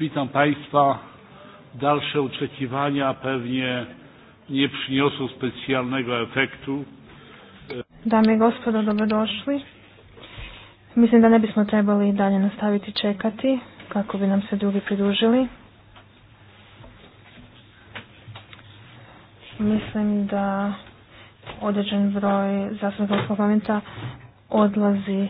Witam Państwa. Dalsze oczekiwania pewnie nie przyniosą specjalnego efektu. Dame i gospodo, dobrodošli. Mislim da ne bismo trebali dalje nastaviti čekati kako bi nam se drugi pridružili. Mislim da određen broj zastupnika parlamenta odlazi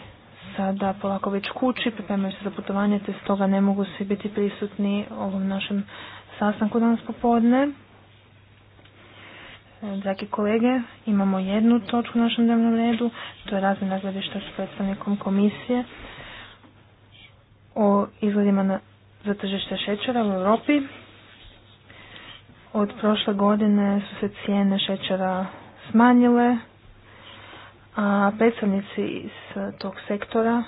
sada polako već kući, pripremaju se za putovanje, te stoga ne mogu svi biti prisutni ovom našem sastanku danas popodne. E, dragi kolege, imamo jednu točku u našem dnevnom redu, to je razmjena gledišta s predstavnikom komisije o izgledima na, za tržište šećera u Europi. Od prošle godine su se cijene šećera smanjile, a predstavnici iz e, tog sektora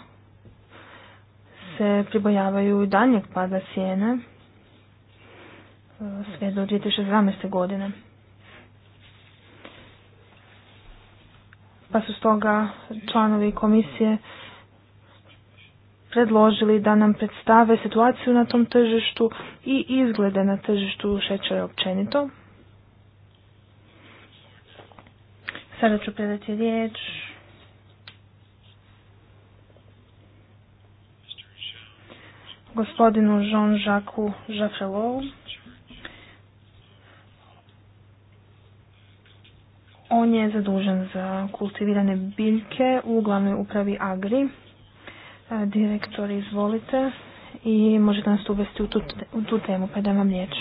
se pribojavaju daljnjeg pada cijene e, sve do 2017. godine. Pa su stoga članovi komisije predložili da nam predstave situaciju na tom tržištu i izglede na tržištu šećera općenito. Sada ću predati riječ gospodinu Jean-Jacques Jaffelovu. On je zadužen za kultivirane biljke u glavnoj upravi Agri. E, direktor, izvolite i možete nas uvesti u tu, temu, pa da vam riječ.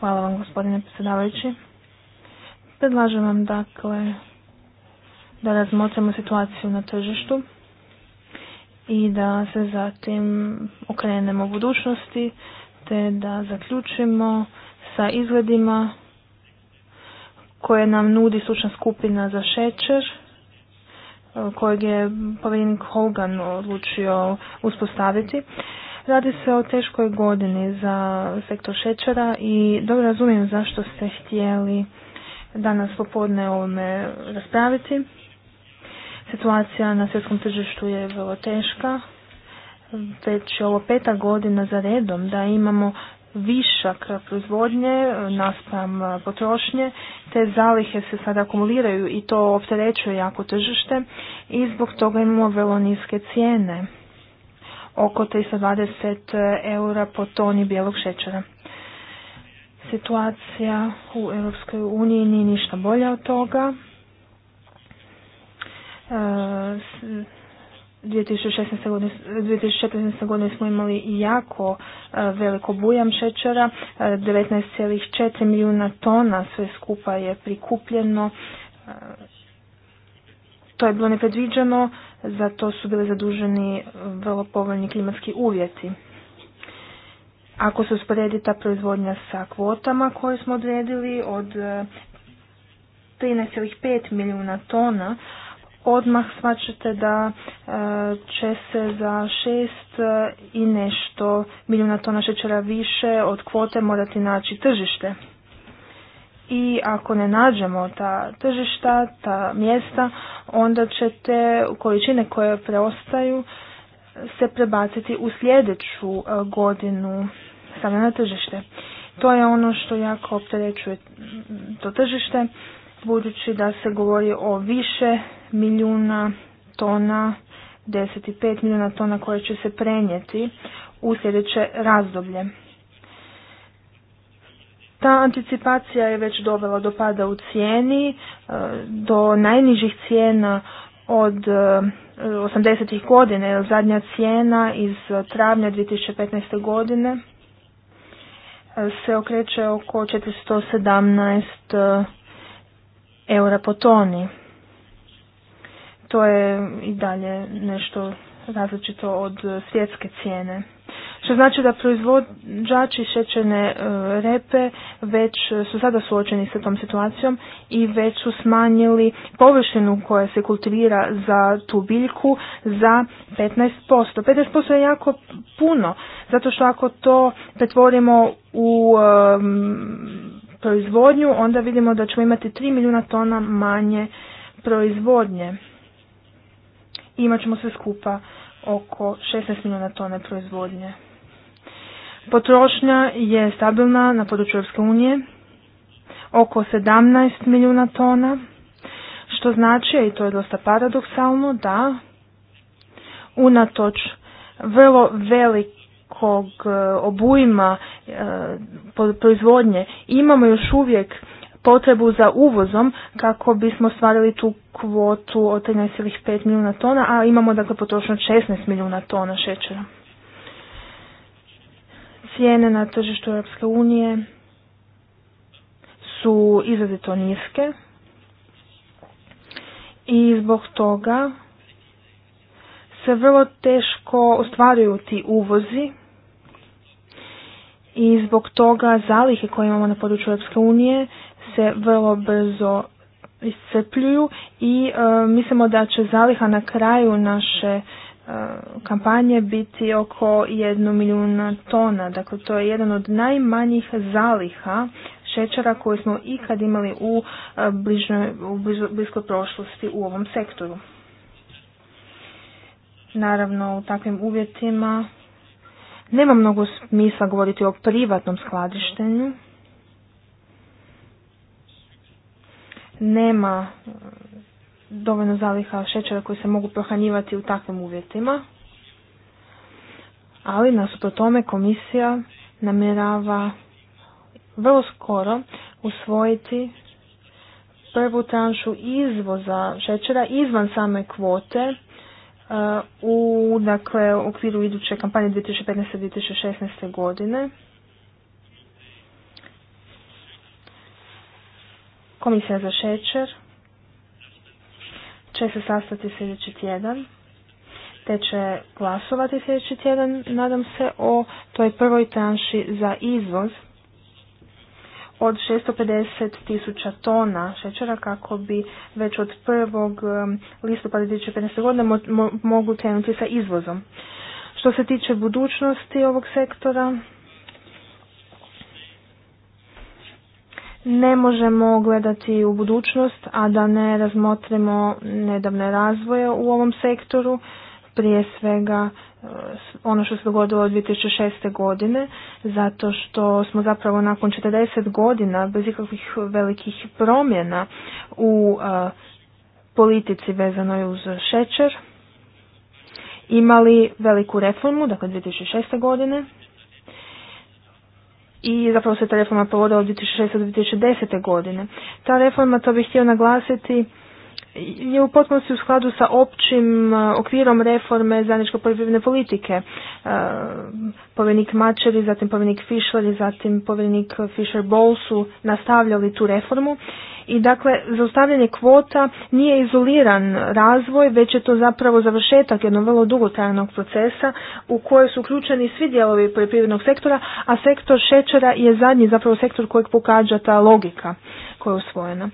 Hvala vam gospodine predsjedavajući. Predlažem vam dakle da razmotrimo situaciju na tržištu i da se zatim okrenemo budućnosti te da zaključimo sa izgledima koje nam nudi slučna skupina za šećer kojeg je povjerenik Hogan odlučio uspostaviti. Radi se o teškoj godini za sektor šećera i dobro razumijem zašto ste htjeli danas popodne o ovome raspraviti. Situacija na svjetskom tržištu je vrlo teška. Već ovo peta godina za redom da imamo višak proizvodnje naspram potrošnje, te zalihe se sada akumuliraju i to opterećuje jako tržište i zbog toga imamo vrlo niske cijene, oko 320 eura po toni bijelog šećera situacija u Europskoj uniji nije ništa bolja od toga. 2016. E, godine, 2014. godine smo imali jako e, veliko bujam šećera, 19,4 e, milijuna tona sve skupa je prikupljeno. To je bilo nepredviđeno, zato su bili zaduženi vrlo povoljni klimatski uvjeti. Ako se usporedi ta proizvodnja sa kvotama koje smo odredili od 13,5 e, milijuna tona, odmah smačete da e, će se za šest e, i nešto milijuna tona šećera više od kvote morati naći tržište. I ako ne nađemo ta tržišta, ta mjesta, onda će te količine koje preostaju se prebaciti u sljedeću e, godinu stavlja na tržište. To je ono što jako opterećuje mm, to tržište, budući da se govori o više milijuna tona, 15 milijuna tona koje će se prenijeti u sljedeće razdoblje. Ta anticipacija je već dovela do pada u cijeni, e, do najnižih cijena od 80. E, godine, zadnja cijena iz travnja 2015. godine e, se okreće oko 417 e, eura po toni. To je i dalje nešto različito od svjetske cijene. Što znači da proizvođači šećerne e, repe već su sada suočeni sa tom situacijom i već su smanjili površinu koja se kultivira za tu biljku za 15%. 15% je jako puno, zato što ako to pretvorimo u proizvodnju, onda vidimo da ćemo imati 3 milijuna tona manje proizvodnje. I imat ćemo sve skupa oko 16 milijuna tone proizvodnje. Potrošnja je stabilna na području Europske unije, oko 17 milijuna tona, što znači, i to je dosta paradoksalno, da unatoč vrlo velikog e, obujma e, proizvodnje imamo još uvijek potrebu za uvozom kako bismo stvarili tu kvotu od 13,5 milijuna tona, a imamo dakle potrošnju 16 milijuna tona šećera. Cijene na tržištu Europske unije su izrazito niske i zbog toga se vrlo teško ostvaruju ti uvozi i zbog toga zalihe koje imamo na području Europske unije se vrlo brzo iscrpljuju i e, mislimo da će zaliha na kraju naše Eh, kampanje biti oko jednu milijuna tona. Dakle, to je jedan od najmanjih zaliha šećera koje smo ikad imali u, eh, u bliskoj prošlosti u ovom sektoru. Naravno, u takvim uvjetima nema mnogo smisla govoriti o privatnom skladištenju. Nema dovoljno zaliha šećera koji se mogu prohranjivati u takvim uvjetima. Ali nasuprot tome komisija namjerava vrlo skoro usvojiti prvu tranšu izvoza šećera izvan same kvote uh, u dakle, okviru iduće kampanje 2015-2016. godine. Komisija za šećer će se sastati sljedeći tjedan, te će glasovati sljedeći tjedan, nadam se, o toj prvoj tranši za izvoz od 650 tisuća tona šećera kako bi već od prvog um, listopada 2015. godine mo mogu krenuti sa izvozom. Što se tiče budućnosti ovog sektora, ne možemo gledati u budućnost, a da ne razmotrimo nedavne razvoje u ovom sektoru, prije svega e, ono što se dogodilo od 2006. godine, zato što smo zapravo nakon 40 godina bez ikakvih velikih promjena u e, politici vezanoj uz šećer imali veliku reformu, dakle 2006. godine, i zapravo se ta reforma provodila od 2006. do 2010. godine. Ta reforma, to bih htio naglasiti, je u potpunosti u skladu sa općim e, okvirom reforme zajedničko poljoprivredne politike. E, povjerenik Mačeri, zatim povjernik Fischler i zatim povjerenik Fischer Bowl su nastavljali tu reformu. I dakle, zaustavljanje kvota nije izoliran razvoj, već je to zapravo završetak jednog vrlo dugotrajnog procesa u kojoj su uključeni svi dijelovi poljoprivrednog sektora, a sektor šećera je zadnji zapravo sektor kojeg pokađa ta logika koja je usvojena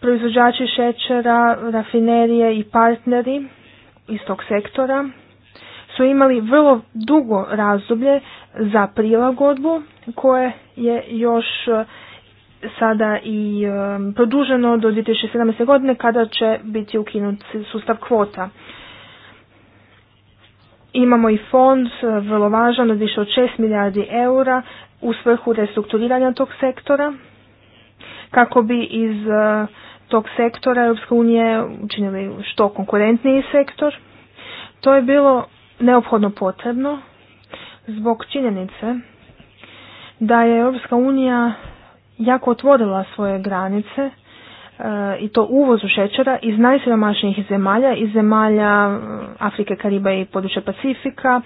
proizvođači šećera, rafinerije i partneri iz tog sektora su imali vrlo dugo razdoblje za prilagodbu koje je još e, sada i e, produženo do 2017. godine kada će biti ukinut sustav kvota. Imamo i fond e, vrlo važan od više od 6 milijardi eura u svrhu restrukturiranja tog sektora kako bi iz e, tog sektora Europske unije učinili što konkurentniji sektor. To je bilo neophodno potrebno zbog činjenice da je Europska unija jako otvorila svoje granice e, i to uvozu šećera iz najsiromašnijih zemalja, iz zemalja e, Afrike, Kariba i područja Pacifika,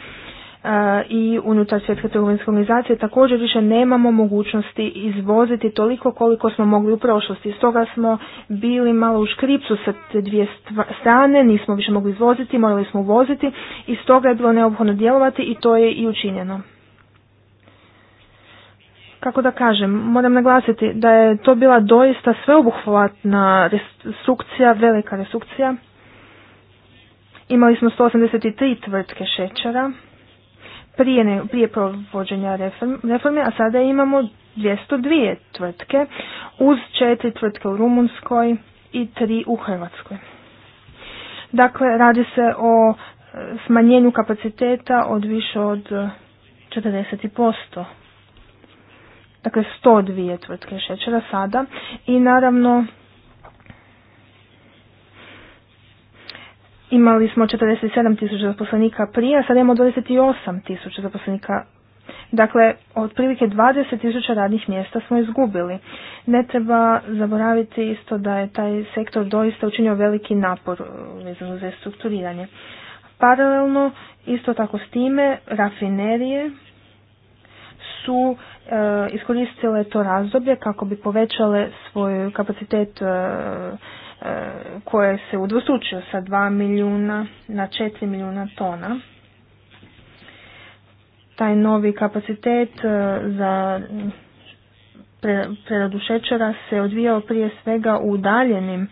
E, i unutar svjetske trgovinske organizacije također više nemamo mogućnosti izvoziti toliko koliko smo mogli u prošlosti. Stoga smo bili malo u škripcu sa te dvije strane, nismo više mogli izvoziti, morali smo uvoziti i stoga je bilo neophodno djelovati i to je i učinjeno. Kako da kažem, moram naglasiti da je to bila doista sveobuhvatna restrukcija, velika restrukcija. Imali smo 183 tvrtke šećera, prije, ne, prije provođenja reforme, a sada imamo 202 tvrtke uz četiri tvrtke u Rumunskoj i tri u Hrvatskoj. Dakle, radi se o e, smanjenju kapaciteta od više od 40%. E, dakle, 102 tvrtke šećera sada i naravno Imali smo 47 tisuća zaposlenika prije, a sad imamo 28 tisuća zaposlenika. Dakle, otprilike 20 tisuća radnih mjesta smo izgubili. Ne treba zaboraviti isto da je taj sektor doista učinio veliki napor uh, vezano za strukturiranje. Paralelno, isto tako s time, rafinerije su uh, iskoristile to razdoblje kako bi povećale svoj kapacitet uh, koje se udvostručio sa 2 milijuna na 4 milijuna tona. Taj novi kapacitet e, za preradu šećera se odvijao prije svega u udaljenim e,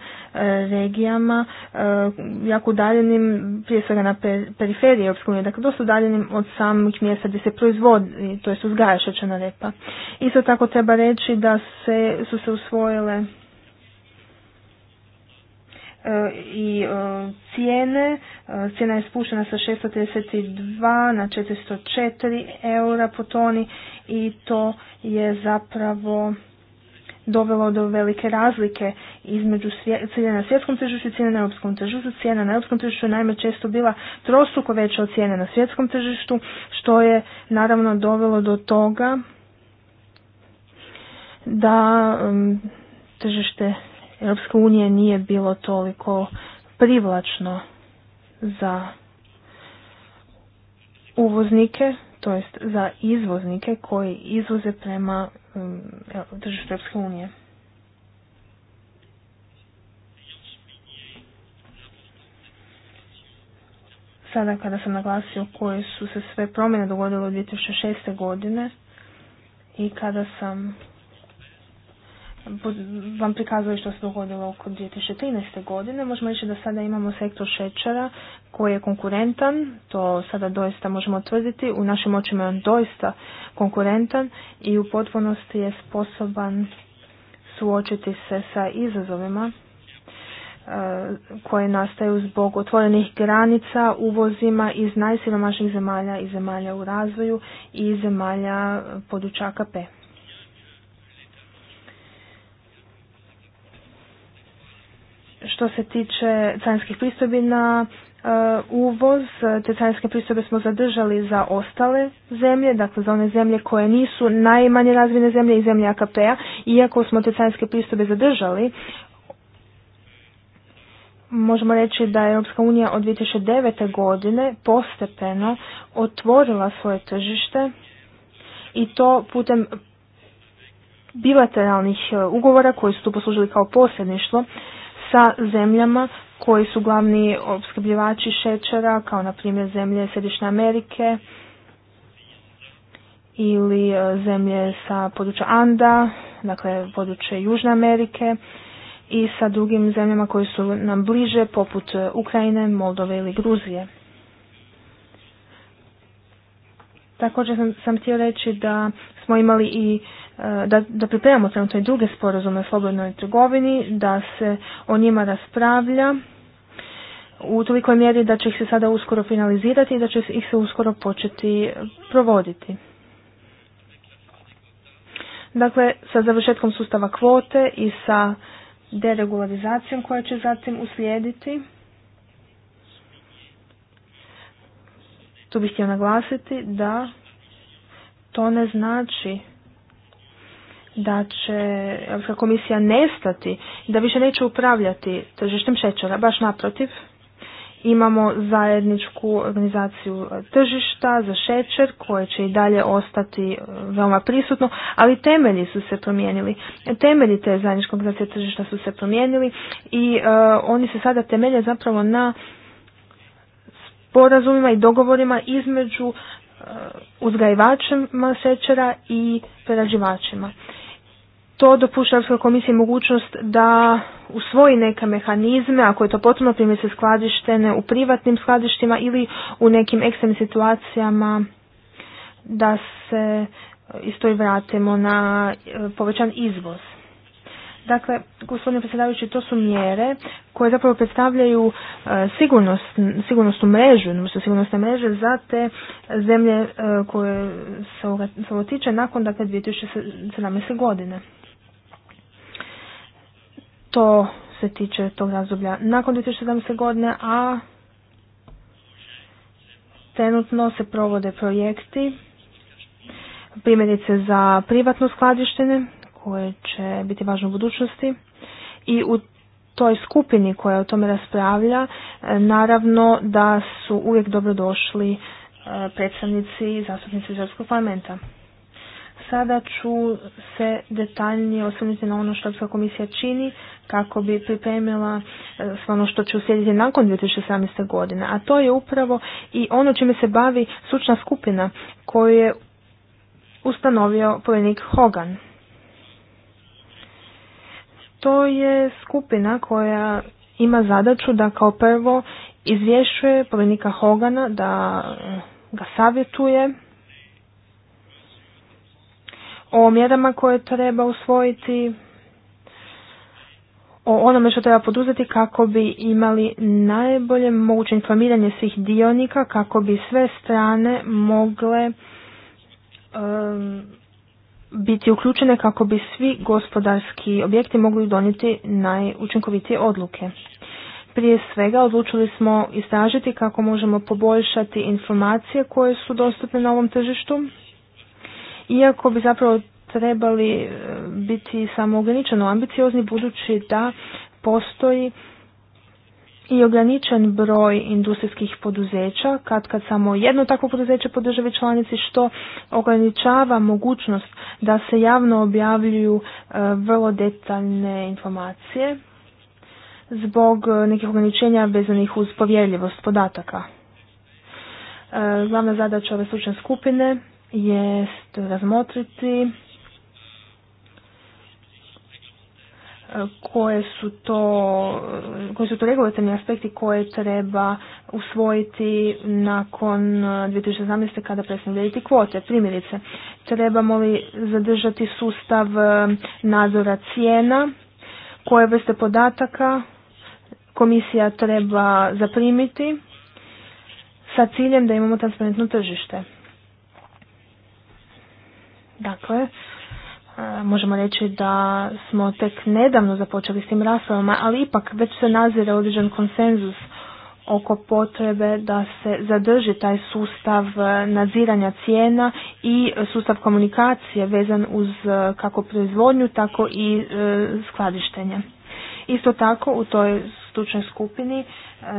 regijama, e, jako udaljenim prije svega na periferiji Europske unije, dakle dosta udaljenim od samih mjesta gdje se proizvodi, to jest uzgaja šećerna repa. Isto tako treba reći da se, su se usvojile i e, cijene. E, cijena je spuštena sa 632 na 404 eura po toni i to je zapravo dovelo do velike razlike između cijene na svjetskom tržištu i cijene na europskom tržištu. Cijena na europskom tržištu je najme često bila trostruko veća od cijene na svjetskom tržištu, što je naravno dovelo do toga da um, tržište Europske unija nije bilo toliko privlačno za uvoznike, to jest za izvoznike koji izvoze prema um, tržištu Europske unije. Sada kada sam naglasio koje su se sve promjene dogodile u 2006. godine i kada sam vam prikazuje što se dogodilo oko 2013. godine. Možemo reći da sada imamo sektor šećera koji je konkurentan, to sada doista možemo tvrditi, u našim očima je on doista konkurentan i u potpunosti je sposoban suočiti se sa izazovima e, koje nastaju zbog otvorenih granica, uvozima iz najsiromašnijih zemalja i zemalja u razvoju i zemalja područja P. Što se tiče carinskih pristojbi na uh, uvoz, te carinske pristojbe smo zadržali za ostale zemlje, dakle za one zemlje koje nisu najmanje razvijene zemlje i zemlje AKP-a, iako smo te carinske pristojbe zadržali, možemo reći da je Europska unija od 2009. godine postepeno otvorila svoje tržište i to putem bilateralnih uh, ugovora koji su tu poslužili kao posredništvo sa zemljama koji su glavni opskrbljivači šećera, kao na primjer zemlje Središnje Amerike ili e, zemlje sa područja Anda, dakle područje Južne Amerike i sa drugim zemljama koji su nam bliže poput e, Ukrajine, Moldove ili Gruzije. Također sam, sam htio reći da smo imali i e, da, da pripremamo trenutno i druge sporazume o slobodnoj trgovini, da se o njima raspravlja u tolikoj mjeri da će ih se sada uskoro finalizirati i da će ih se uskoro početi provoditi. Dakle, sa završetkom sustava kvote i sa deregularizacijom koja će zatim uslijediti, tu bih htio naglasiti da to ne znači da će Europska komisija nestati da više neće upravljati tržištem šećera, baš naprotiv. Imamo zajedničku organizaciju tržišta za šećer koje će i dalje ostati e, veoma prisutno, ali temelji su se promijenili. Temelji te zajedničke organizacije tržišta su se promijenili i e, oni se sada temelje zapravo na sporazumima i dogovorima između Uh, uzgajivačima šećera i prerađivačima. To dopušta Europskoj komisiji mogućnost da usvoji neke mehanizme, ako je to potrebno primjerice skladištene u privatnim skladištima ili u nekim ekstremnim situacijama da se uh, isto i vratimo na uh, povećan izvoz. Dakle, gospodine predsjedavajući, to su mjere koje zapravo predstavljaju e, sigurnost, sigurnosnu mrežu, odnosno sigurnosne mreže za te zemlje e, koje se ovo tiče nakon dakle, 2017. godine. To se tiče tog razdoblja nakon 2017. godine, a trenutno se provode projekti primjerice za privatno skladištenje koje će biti važno u budućnosti i u toj skupini koja o tome raspravlja e, naravno da su uvijek dobrodošli e, predstavnici i zastupnici Europskog parlamenta. Sada ću se detaljnije osvrnuti na ono što Europska komisija čini kako bi pripremila e, sve ono što će uslijediti nakon 2017. godine, a to je upravo i ono čime se bavi sučna skupina koju je ustanovio povjerenik Hogan to je skupina koja ima zadaću da kao prvo izvješuje povjenika Hogana, da ga savjetuje o mjerama koje treba usvojiti, o onome što treba poduzeti kako bi imali najbolje moguće informiranje svih dionika, kako bi sve strane mogle biti uključene kako bi svi gospodarski objekti mogli donijeti najučinkovitije odluke. Prije svega odlučili smo istražiti kako možemo poboljšati informacije koje su dostupne na ovom tržištu, iako bi zapravo trebali e, biti samo ograničeno ambiciozni budući da postoji i ograničen broj industrijskih poduzeća, kad kad samo jedno takvo poduzeće po državi članici, što ograničava mogućnost da se javno objavljuju e, vrlo detaljne informacije zbog e, nekih ograničenja vezanih uz povjerljivost podataka. E, glavna zadaća ove stručne skupine je razmotriti koje su to, koje su to regulatorni aspekti koje treba usvojiti nakon 2017. Eh, kada prestanu vrijediti kvote. Primjerice, trebamo li zadržati sustav eh, nadzora cijena, koje vrste podataka komisija treba zaprimiti sa ciljem da imamo transparentno tržište. Dakle, E, možemo reći da smo tek nedavno započeli s tim raspravama, ali ipak već se nazire određen konsenzus oko potrebe da se zadrži taj sustav e, nadziranja cijena i sustav komunikacije vezan uz e, kako proizvodnju, tako i skladištenje. Isto tako u toj stručnoj skupini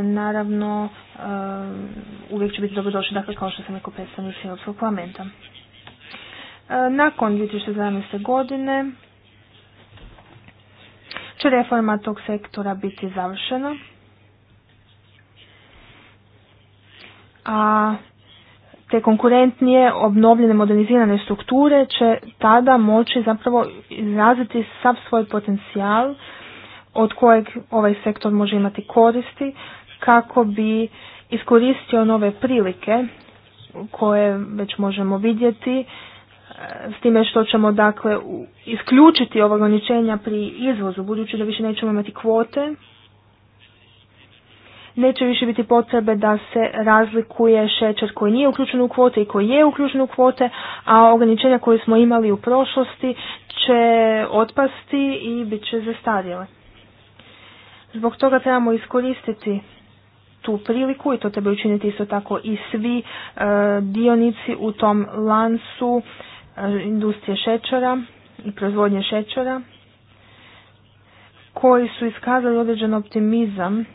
naravno uvijek će biti dobrodošli, dakle kao što sam rekao predstavnici Europskog parlamenta. E, nakon 2017. godine će reforma tog sektora biti završena. A te konkurentnije, obnovljene, modernizirane strukture će tada moći zapravo izraziti sav svoj potencijal od kojeg ovaj sektor može imati koristi kako bi iskoristio nove prilike koje već možemo vidjeti s time što ćemo dakle isključiti ova ograničenja pri izvozu, budući da više nećemo imati kvote, neće više biti potrebe da se razlikuje šećer koji nije uključen u kvote i koji je uključen u kvote, a ograničenja koje smo imali u prošlosti će otpasti i bit će zastarjele. Zbog toga trebamo iskoristiti tu priliku i to treba učiniti isto tako i svi e, dionici u tom lancu industrije šećera i proizvodnje šećera koji su iskazali određen optimizam e,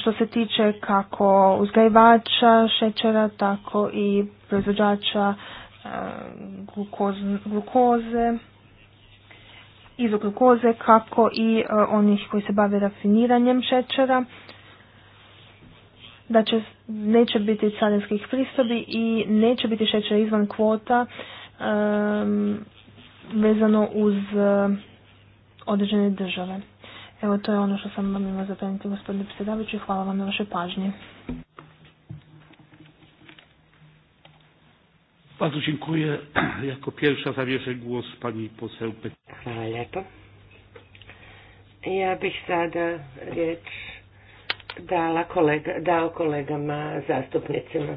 što se tiče kako uzgajivača šećera, tako i proizvođača e, glukoze, izoglukoze, kako i e, onih koji se bave rafiniranjem šećera, da će, neće biti carinskih pristobi i neće biti šećera izvan kvota vezano uz uh, određene države. Evo to je ono što sam vam imao zapreniti gospodine i Hvala vam na vaše pažnje. Bardzo dziękuję. Jako pierwsza zabierze głos pani poseł Hvala lijepo. Ja bih sada riječ dala kolega, dao kolegama zastupnicima.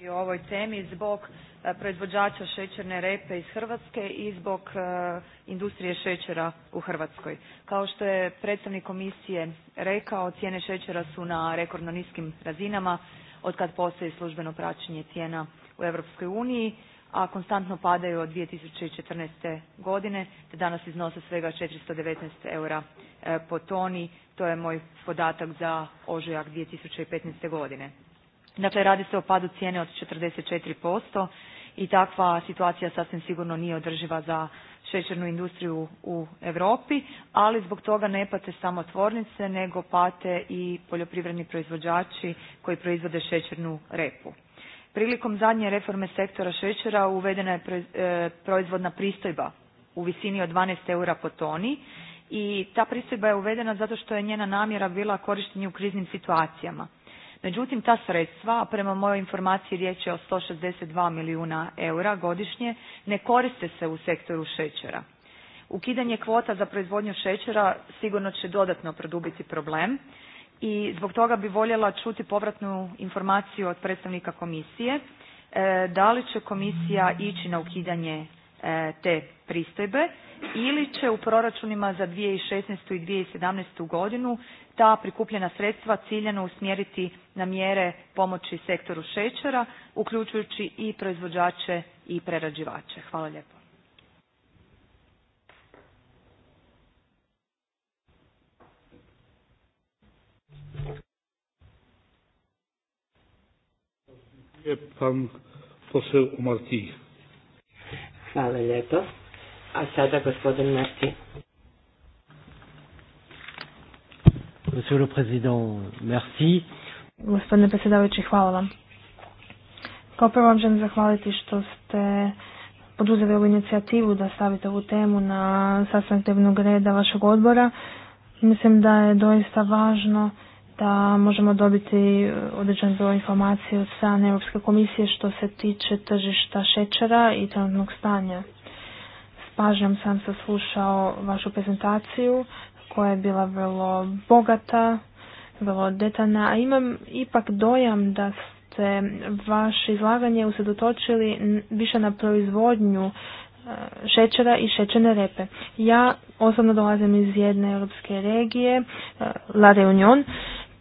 I ovoj temi zbog e, proizvođača šećerne repe iz Hrvatske i zbog e, industrije šećera u Hrvatskoj. Kao što je predstavnik komisije rekao, cijene šećera su na rekordno niskim razinama od kad postoji službeno praćenje cijena u Europskoj uniji a konstantno padaju od 2014. godine, te danas iznose svega 419 eura e, po toni. To je moj podatak za ožujak 2015. godine. Dakle, radi se o padu cijene od 44% i takva situacija sasvim sigurno nije održiva za šećernu industriju u Europi, ali zbog toga ne pate samo tvornice, nego pate i poljoprivredni proizvođači koji proizvode šećernu repu. Prilikom zadnje reforme sektora šećera uvedena je e, proizvodna pristojba u visini od 12 eura po toni i ta pristojba je uvedena zato što je njena namjera bila korištenje u kriznim situacijama. Međutim, ta sredstva, a prema mojoj informaciji riječ je o 162 milijuna eura godišnje, ne koriste se u sektoru šećera. Ukidanje kvota za proizvodnju šećera sigurno će dodatno produbiti problem, i zbog toga bi voljela čuti povratnu informaciju od predstavnika komisije e, da li će komisija ići na ukidanje e, te pristojbe ili će u proračunima za 2016. i 2017. godinu ta prikupljena sredstva ciljano usmjeriti na mjere pomoći sektoru šećera uključujući i proizvođače i prerađivače. Hvala lijepo. Hvala lijepo. A sada gospodin Marti. Monsieur le Président, merci. Gospodine predsjedavajući, hvala vam. Kao prvo vam želim zahvaliti što ste poduzeli ovu inicijativu da stavite ovu temu na sastanak dnevnog reda vašeg odbora. Mislim da je doista važno da možemo dobiti e, određenu broj informacije od strane Europske komisije što se tiče tržišta šećera i trenutnog stanja. S pažnjom sam saslušao vašu prezentaciju koja je bila vrlo bogata, vrlo detaljna, a imam ipak dojam da ste vaše izlaganje usredotočili više na proizvodnju e, šećera i šećerne repe. Ja osobno dolazim iz jedne europske regije, e, La Reunion,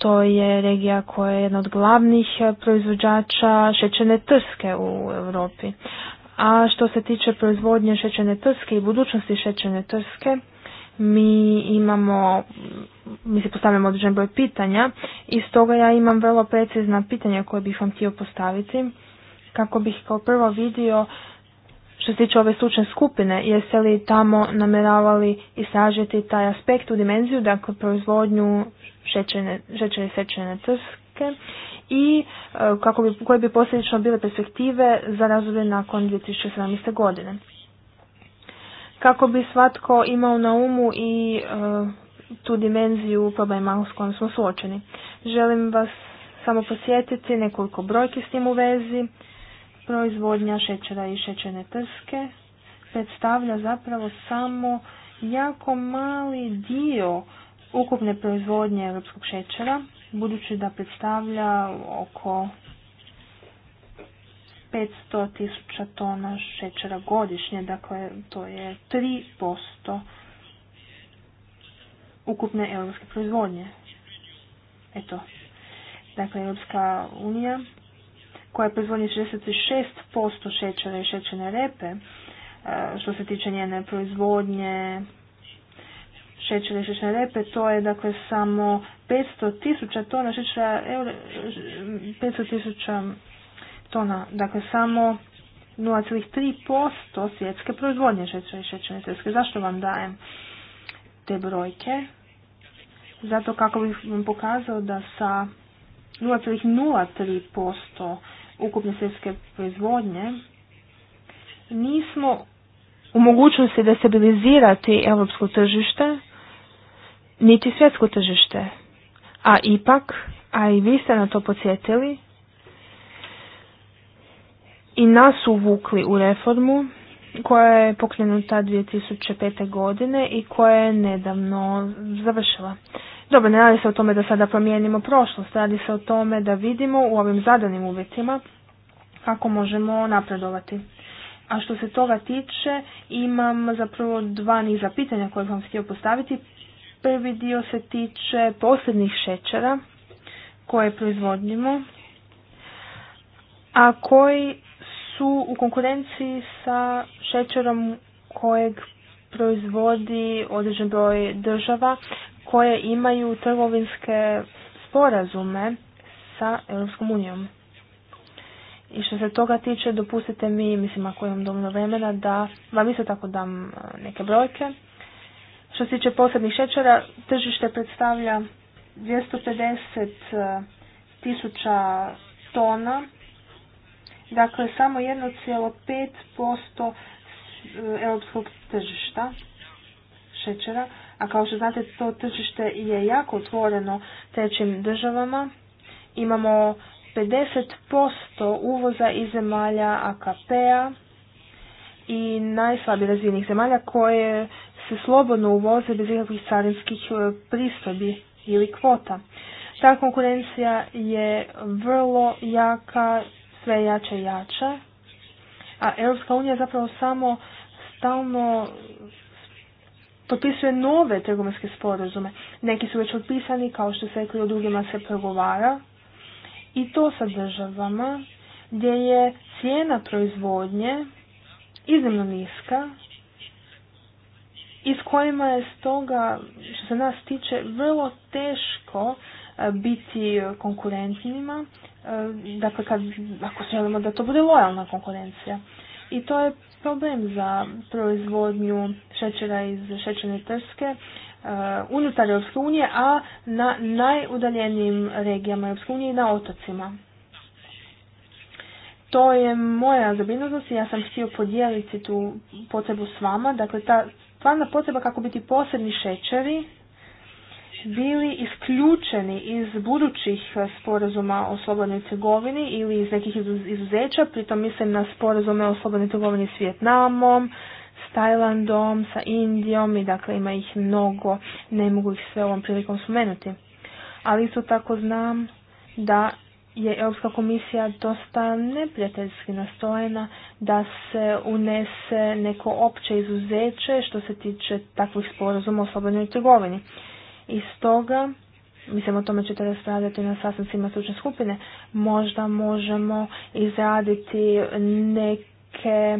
to je regija koja je jedna od glavnih e, proizvođača šećerne trske u Europi. A što se tiče proizvodnje šećerne trske i budućnosti šećerne trske, mi imamo, mi se postavljamo određen broj pitanja i stoga ja imam vrlo precizna pitanja koje bih vam htio postaviti kako bih kao prvo vidio što se tiče ove stručne skupine, jeste li tamo namjeravali istražiti taj aspekt u dimenziju, dakle proizvodnju šećerne, šećerne crske i e, kako bi, koje bi posljedično bile perspektive za razdoblje nakon 2017. godine. Kako bi svatko imao na umu i e, tu dimenziju problema s kojom smo suočeni. Želim vas samo posjetiti nekoliko brojki s tim u vezi proizvodnja šećera i šećerne trske predstavlja zapravo samo jako mali dio ukupne proizvodnje europskog šećera, budući da predstavlja oko 500 tisuća tona šećera godišnje, dakle to je 3% ukupne europske proizvodnje. Eto, dakle Europska unija koja proizvodi 66% šećera i šećerne repe, e, što se tiče njene proizvodnje šećera i šećerne repe, to je dakle samo 500 tisuća tona šećera, 500 tisuća tona, dakle samo 0,3% svjetske proizvodnje šećera i šećerne svjetske. Zašto vam dajem te brojke? Zato kako bih vam pokazao da sa 0,03% ukupne svjetske proizvodnje, nismo u mogućnosti destabilizirati europsko tržište, niti svjetsko tržište. A ipak, a i vi ste na to podsjetili, i nas uvukli u reformu koja je pokrenuta 2005. godine i koja je nedavno završila. Dobro, ne radi se o tome da sada promijenimo prošlost, radi se o tome da vidimo u ovim zadanim uvjetima kako možemo napredovati. A što se toga tiče, imam zapravo dva niza pitanja koje vam htio postaviti. Prvi dio se tiče posljednjih šećera koje proizvodimo, a koji su u konkurenciji sa šećerom kojeg proizvodi određen broj država koje imaju trgovinske sporazume sa Europskom unijom. I što se toga tiče, dopustite mi, mislim ako imam dovoljno vremena, da vam isto tako dam e, neke brojke. Što se tiče posebnih šećera, tržište predstavlja 250 e, tisuća tona, dakle samo 1,5% e, europskog tržišta šećera, a kao što znate, to tržište je jako otvoreno trećim državama. Imamo 50% uvoza iz zemalja AKP-a i najslabije razvijenih zemalja koje se slobodno uvoze bez ikakvih carinskih e, pristobi ili kvota. Ta konkurencija je vrlo jaka, sve jača i jača, a Europska unija zapravo samo stalno potpisuje nove trgovinske sporazume. Neki su već otpisani, kao što se rekli, o drugima se pregovara. I to sa državama gdje je cijena proizvodnje iznimno niska i s kojima je stoga, što se nas tiče, vrlo teško e, biti konkurentnima, e, dakle kad, ako želimo da to bude lojalna konkurencija. I to je problem za proizvodnju šećera iz šećerne trske e, unutar Europske unije, a na najudaljenijim regijama Europske unije i na otocima. To je moja zabrinutost i ja sam htio podijeliti tu potrebu s vama. Dakle, ta stvarna potreba kako biti posebni šećeri bili isključeni iz budućih sporazuma o slobodnoj trgovini ili iz nekih izuzeća, pritom mislim na sporazume o slobodnoj trgovini s Vjetnamom, s Tajlandom, sa Indijom i dakle ima ih mnogo, ne mogu ih sve ovom prilikom spomenuti. Ali isto tako znam da je Europska komisija dosta neprijateljski nastojena da se unese neko opće izuzeće što se tiče takvih sporazuma o slobodnoj trgovini. I stoga, mislim o tome ćete raspravljati na sastancima stručne skupine, možda možemo izraditi neke e,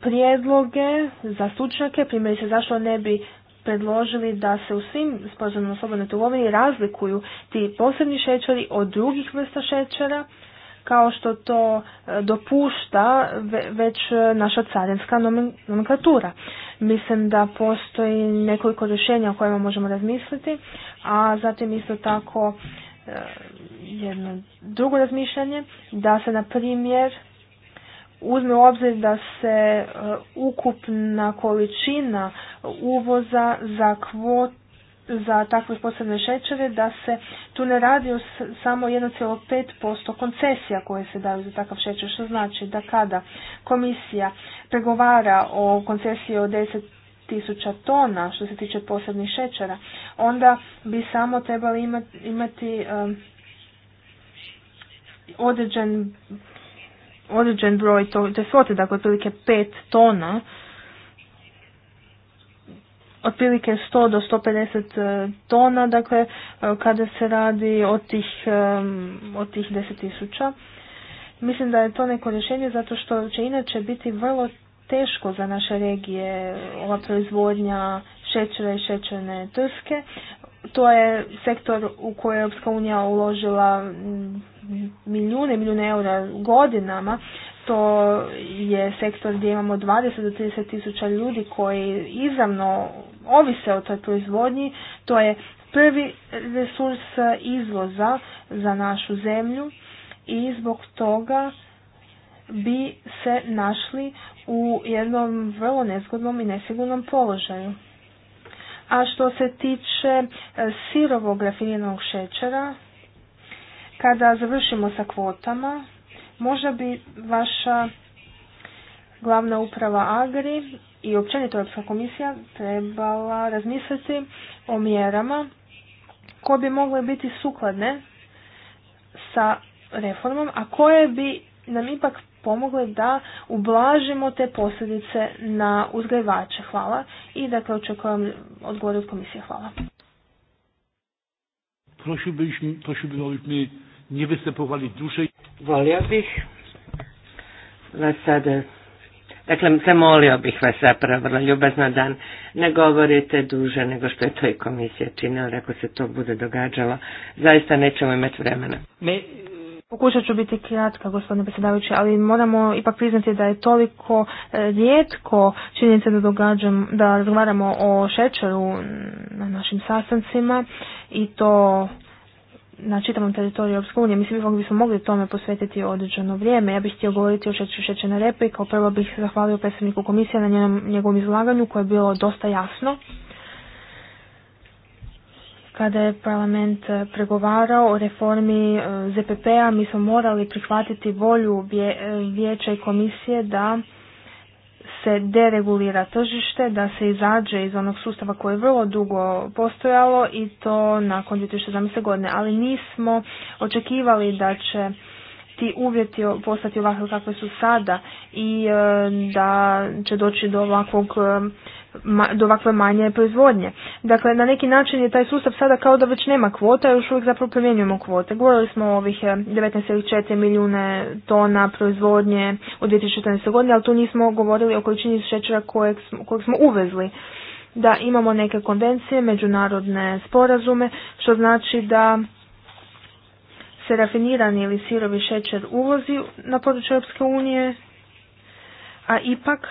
prijedloge za stručnjake, primjerice zašto ne bi predložili da se u svim sporazumima o slobodnoj trgovini razlikuju ti posebni šećeri od drugih vrsta šećera, kao što to e, dopušta već e, naša carinska nomenklatura. Mislim da postoji nekoliko rješenja o kojima možemo razmisliti, a zatim isto tako e, jedno drugo razmišljanje da se na primjer uzme u obzir da se ukupna količina uvoza za kvot za takve posebne šećere da se tu ne radi o samo 1,5% koncesija koje se daju za takav šećer, što znači da kada komisija pregovara o koncesiji od 10 tisuća tona što se tiče posebnih šećera, onda bi samo trebali imati, imati um, određen, određen broj te svote, dakle otprilike 5 tona otprilike 100 do 150 e, tona, dakle e, kada se radi od tih, e, od tih 10 tisuća. Mislim da je to neko rješenje zato što će inače biti vrlo teško za naše regije ova proizvodnja šećera i šećerne trske. To je sektor u koji je Europska unija uložila mm, milijune i milijune eura godinama. To je sektor gdje imamo 20 do 30 tisuća ljudi koji izravno ovise o toj proizvodnji, to je prvi resurs izvoza za našu zemlju i zbog toga bi se našli u jednom vrlo nezgodnom i nesigurnom položaju. A što se tiče e, sirovog rafiniranog šećera, kada završimo sa kvotama, možda bi vaša glavna uprava Agri i općenito Europska komisija trebala razmisliti o mjerama koje bi mogle biti sukladne sa reformom, a koje bi nam ipak pomogle da ublažimo te posljedice na uzgajivače. Hvala. I dakle očekujem odgovor od komisije. Hvala. bi se povali duše. Volio bih. Na sada Dakle, zamolio bih vas zapravo vrlo ljubazno dan ne govorite duže nego što je to i komisija činila, ako se to bude događalo, zaista nećemo imati vremena. Mi... Pokušat ću biti kratka, gospodine predsjedavajući, ali moramo ipak priznati da je toliko e, rijetko činjenica da događam, da razgovaramo o šećeru na našim sastancima i to na čitavom teritoriju Europske unije. Mislim ipak bismo mogli tome posvetiti određeno vrijeme. Ja bih htio govoriti o šeću na i kao prvo bih zahvalio predstavniku komisije na njenom, njegovom izlaganju koje je bilo dosta jasno. Kada je parlament e, pregovarao o reformi e, ZPP-a mi smo morali prihvatiti volju e, vijeća i komisije da se deregulira tržište, da se izađe iz onog sustava koje je vrlo dugo postojalo i to nakon 2017. godine, ali nismo očekivali da će ti uvjeti postati ovakve kakve su sada i e, da će doći do ovakvog e, do ovakve manje proizvodnje. Dakle, na neki način je taj sustav sada kao da već nema kvota, još uvijek zapravo promjenjujemo kvote. Govorili smo o ovih 19,4 eh, milijune tona proizvodnje u 2014. godini, ali tu nismo govorili o količini šećera kojeg smo, kojeg smo uvezli. Da imamo neke konvencije, međunarodne sporazume, što znači da se rafinirani ili sirovi šećer uvozi na području Europske unije, a ipak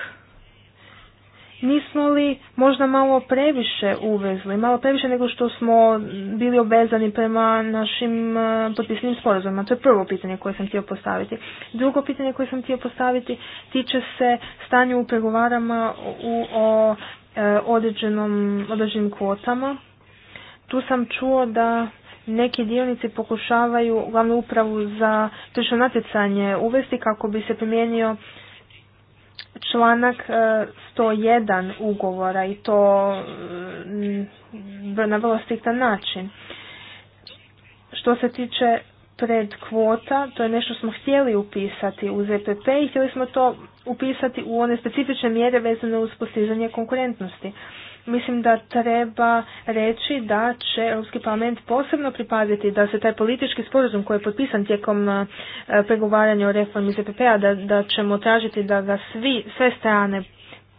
nismo li možda malo previše uvezli, malo previše nego što smo bili obezani prema našim eh, potpisnim sporazumima. To je prvo pitanje koje sam htio postaviti. Drugo pitanje koje sam htio postaviti tiče se stanju u pregovarama u, o eh, određenom, određenim kvotama. Tu sam čuo da neki dionici pokušavaju glavnu upravu za tržišno natjecanje uvesti kako bi se primijenio članak 101 e, ugovora i to e, na vrlo striktan način. Što se tiče pred kvota, to je nešto smo htjeli upisati u ZPP i htjeli smo to upisati u one specifične mjere vezane uz postizanje konkurentnosti mislim da treba reći da će Europski parlament posebno pripaziti da se taj politički sporazum koji je potpisan tijekom e, pregovaranja o reformi ZPP-a, da, da ćemo tražiti da ga svi, sve strane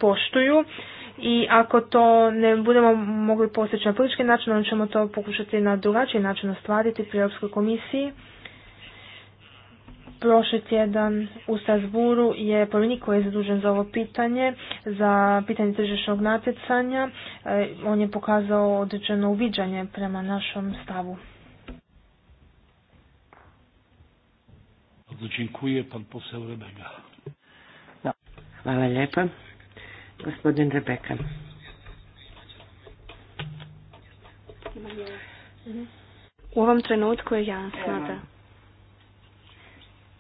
poštuju i ako to ne budemo mogli postići na politički način, onda ćemo to pokušati na drugačiji način ostvariti pri Europskoj komisiji Prošli tjedan u Strasburu je povjerenik koji je zadužen za ovo pitanje, za pitanje tržišnog natjecanja. E, on je pokazao određeno uviđanje prema našom stavu. Hvala lijepa. Gospodin Rebeka. U ovom trenutku je jasno da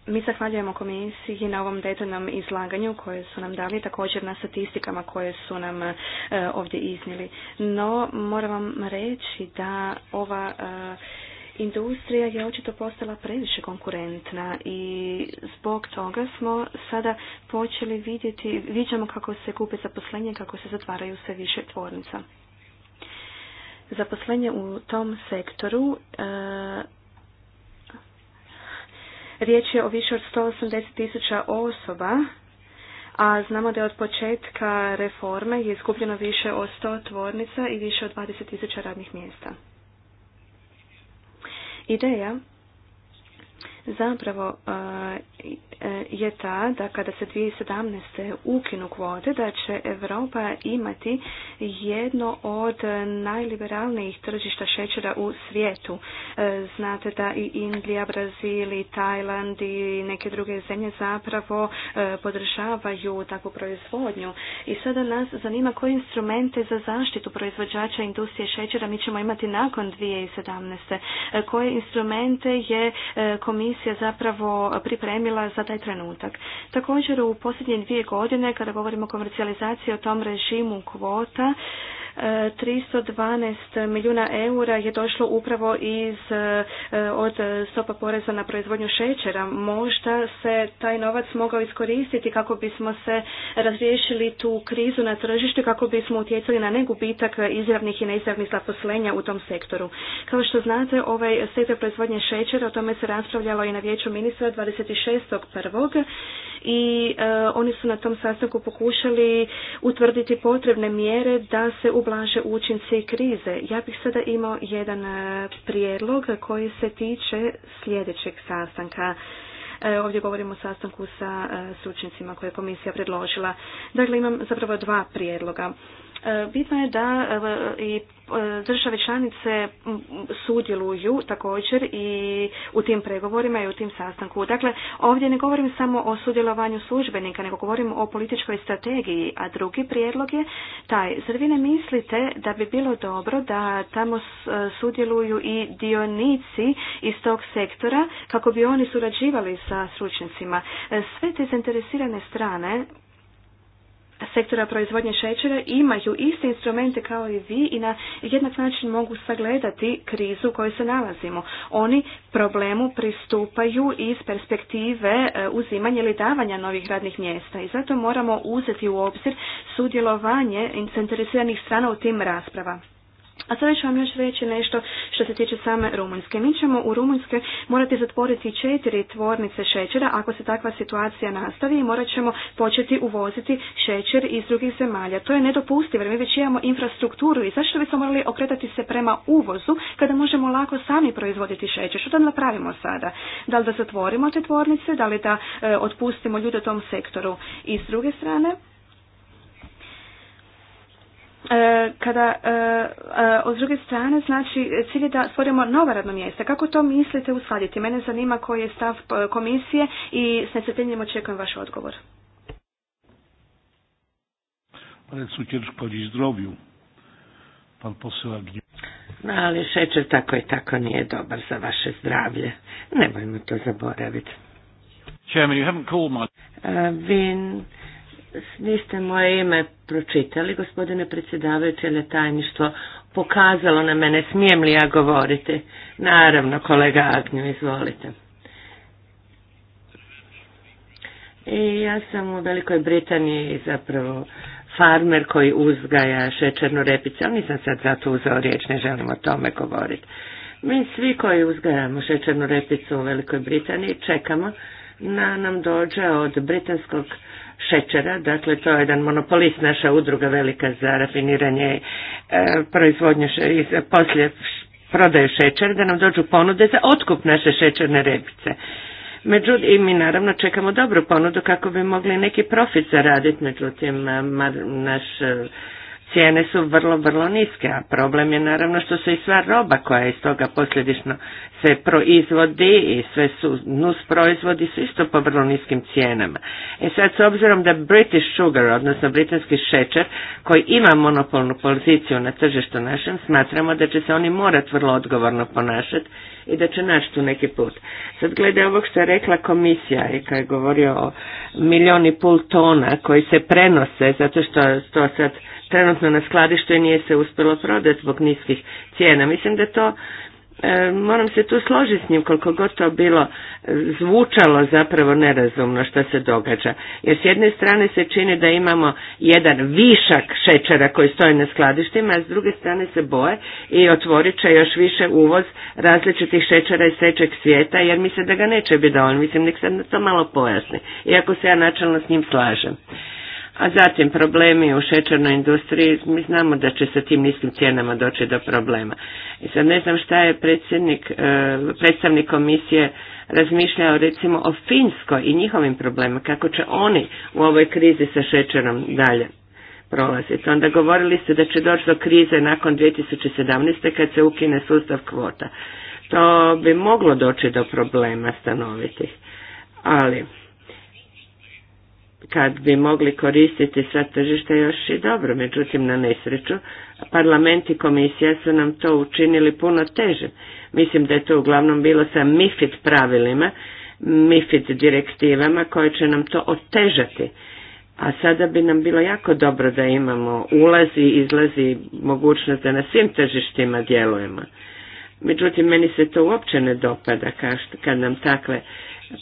mi zahvaljujemo komisiji na ovom detaljnom izlaganju koje su nam dali, također na statistikama koje su nam e, ovdje iznijeli. No, moram vam reći da ova e, industrija je očito postala previše konkurentna i zbog toga smo sada počeli vidjeti, vidimo kako se kupe zaposlenje, kako se zatvaraju sve više tvornica. Zaposlenje u tom sektoru e, Riječ je o više od 180 tisuća osoba, a znamo da je od početka reforme je izgubljeno više od 100 tvornica i više od 20 tisuća radnih mjesta. Ideja zapravo e, e, je ta da kada se 2017. ukinu kvote da će Europa imati jedno od najliberalnijih tržišta šećera u svijetu. E, znate da i Indija, Brazil i Tajland i neke druge zemlje zapravo podržavaju takvu proizvodnju. I sada nas zanima koje instrumente za zaštitu proizvođača industrije šećera mi ćemo imati nakon 2017. Koje instrumente je komisija komisija zapravo pripremila za taj trenutak. Također u posljednje dvije godine kada govorimo o komercijalizaciji o tom režimu kvota 312 milijuna eura je došlo upravo iz e, od stopa poreza na proizvodnju šećera. Možda se taj novac mogao iskoristiti kako bismo se razriješili tu krizu na tržištu kako bismo utjecali na negubitak izravnih i neizravnih zaposlenja u tom sektoru. Kao što znate, ovaj sektor proizvodnje šećera, o tome se raspravljalo i na vijeću ministra 26.1 i e, oni su na tom sastanku pokušali utvrditi potrebne mjere da se ublaže učinci krize. Ja bih sada imao jedan e, prijedlog koji se tiče sljedećeg sastanka. E, ovdje govorimo o sastanku sa stručnjacima koje je komisija predložila. Dakle, imam zapravo dva prijedloga. Bitno je da i e, države članice sudjeluju također i u tim pregovorima i u tim sastanku. Dakle, ovdje ne govorim samo o sudjelovanju službenika, nego govorim o političkoj strategiji, a drugi prijedlog je taj. Zar vi ne mislite da bi bilo dobro da tamo e, sudjeluju i dionici iz tog sektora kako bi oni surađivali sa stručnjacima? E, sve te zainteresirane strane sektora proizvodnje šećera imaju iste instrumente kao i vi i na jednak način mogu sagledati krizu u kojoj se nalazimo. Oni problemu pristupaju iz perspektive e, uzimanja ili davanja novih radnih mjesta i zato moramo uzeti u obzir sudjelovanje zainteresiranih strana u tim raspravama. A sada ću vam još reći nešto što se tiče same Rumunjske. Mi ćemo u Rumunjske morati zatvoriti četiri tvornice šećera ako se takva situacija nastavi i morat ćemo početi uvoziti šećer iz drugih zemalja. To je nedopustivo jer mi već imamo infrastrukturu i zašto bismo morali okretati se prema uvozu kada možemo lako sami proizvoditi šećer? Što da napravimo sada? Da li da zatvorimo te tvornice, da li da e, otpustimo ljude u tom sektoru? I s druge strane, E, kada, e, e, od druge strane, znači, cilj je da stvorimo nova radna mjesta. Kako to mislite usladiti? Mene zanima koji je stav komisije i s nestrpljenjem očekujem vaš odgovor. na ali šećer tako i tako nije dobar za vaše zdravlje. Nemojmo to zaboraviti. Chairman, you haven't called my... Uh, Vin, Niste moje ime pročitali, gospodine predsjedavajući, jer je tajništvo pokazalo na mene, smijem li ja govoriti? Naravno, kolega Agnju, izvolite. I ja sam u Velikoj Britaniji zapravo farmer koji uzgaja šećernu repicu, ali nisam sad zato uzeo riječ, ne želim o tome govoriti. Mi svi koji uzgajamo šećernu repicu u Velikoj Britaniji čekamo na nam dođe od britanskog šećera, dakle to je jedan monopolist, naša udruga velika za rafiniranje e, proizvodnje i poslije prodaju šećer, da nam dođu ponude za otkup naše šećerne repice. Međutim, i mi naravno čekamo dobru ponudu kako bi mogli neki profit zaraditi, međutim, e, naš cijene su vrlo, vrlo niske, a problem je naravno što se i sva roba koja iz toga posljedično se proizvodi i sve su nus proizvodi su isto po vrlo niskim cijenama. E sad, s obzirom da British Sugar, odnosno britanski šećer, koji ima monopolnu poziciju na tržištu našem, smatramo da će se oni morat vrlo odgovorno ponašati i da će naći tu neki put. Sad glede ovog što je rekla komisija i koja je govorio o milijoni pol tona koji se prenose zato što to sad trenutno na skladištu i nije se uspjelo prodati zbog niskih cijena. Mislim da to e, moram se tu složiti s njim koliko god to bilo zvučalo zapravo nerazumno što se događa. Jer s jedne strane se čini da imamo jedan višak šećera koji stoji na skladištima, a s druge strane se boje i otvorit će još više uvoz različitih šećera iz trećeg svijeta jer mislim da ga neće biti dovoljno. Mislim, nek se to malo pojasni. Iako se ja načelno s njim slažem. A zatim problemi u šećernoj industriji, mi znamo da će sa tim niskim cijenama doći do problema. I sad ne znam šta je predsjednik, e, predstavnik komisije razmišljao recimo o Finskoj i njihovim problemima, kako će oni u ovoj krizi sa šećerom dalje prolaziti. Onda govorili ste da će doći do krize nakon 2017. kad se ukine sustav kvota. To bi moglo doći do problema stanovitih. Ali, kad bi mogli koristiti sva tržišta još i dobro, međutim na nesreću. Parlament i komisija su nam to učinili puno teže. Mislim da je to uglavnom bilo sa MIFID pravilima, MIFID direktivama koje će nam to otežati. A sada bi nam bilo jako dobro da imamo ulazi, izlazi, mogućnost da na svim tržištima djelujemo. Međutim, meni se to uopće ne dopada kad nam takve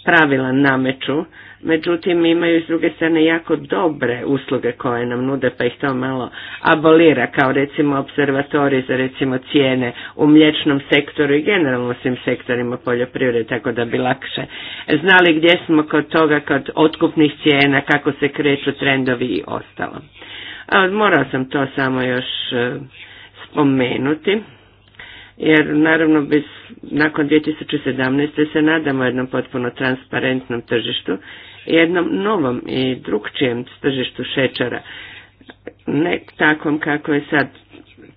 pravila nameću, međutim imaju s druge strane jako dobre usluge koje nam nude pa ih to malo abolira kao recimo observatori za recimo cijene u mlječnom sektoru i generalno svim sektorima poljoprivrede tako da bi lakše znali gdje smo kod toga kod otkupnih cijena kako se kreću trendovi i ostalo. morala sam to samo još e, spomenuti jer naravno bez, nakon 2017. se nadamo jednom potpuno transparentnom tržištu i jednom novom i drugčijem tržištu šećera. Ne takvom kako je sad,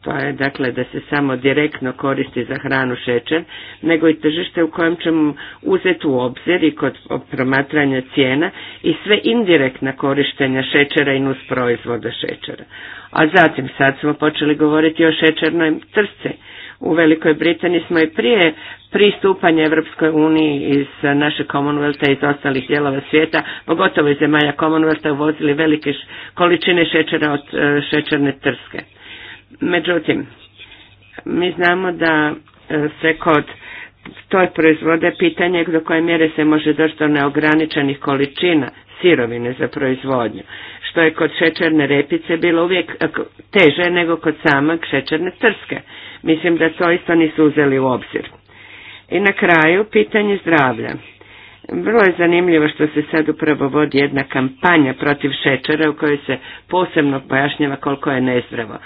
to je dakle da se samo direktno koristi za hranu šećer, nego i tržište u kojem ćemo uzeti u obzir i kod promatranja cijena i sve indirektna korištenja šećera i nus proizvoda šećera. A zatim sad smo počeli govoriti o šećernoj trsci u Velikoj Britaniji smo i prije pristupanja Europskoj uniji iz naše Commonwealtha i iz ostalih dijelova svijeta, pogotovo iz zemalja Commonwealtha, uvozili velike količine šećera od e, šećerne trske. Međutim, mi znamo da e, se kod toj proizvode pitanje do koje mjere se može doći do neograničenih količina sirovine za proizvodnju, što je kod šećerne repice bilo uvijek e, teže nego kod samog šećerne trske. Mislim da to isto nisu uzeli u obzir. I na kraju, pitanje zdravlja. Vrlo je zanimljivo što se sad upravo vodi jedna kampanja protiv šećera u kojoj se posebno pojašnjava koliko je nezdravo.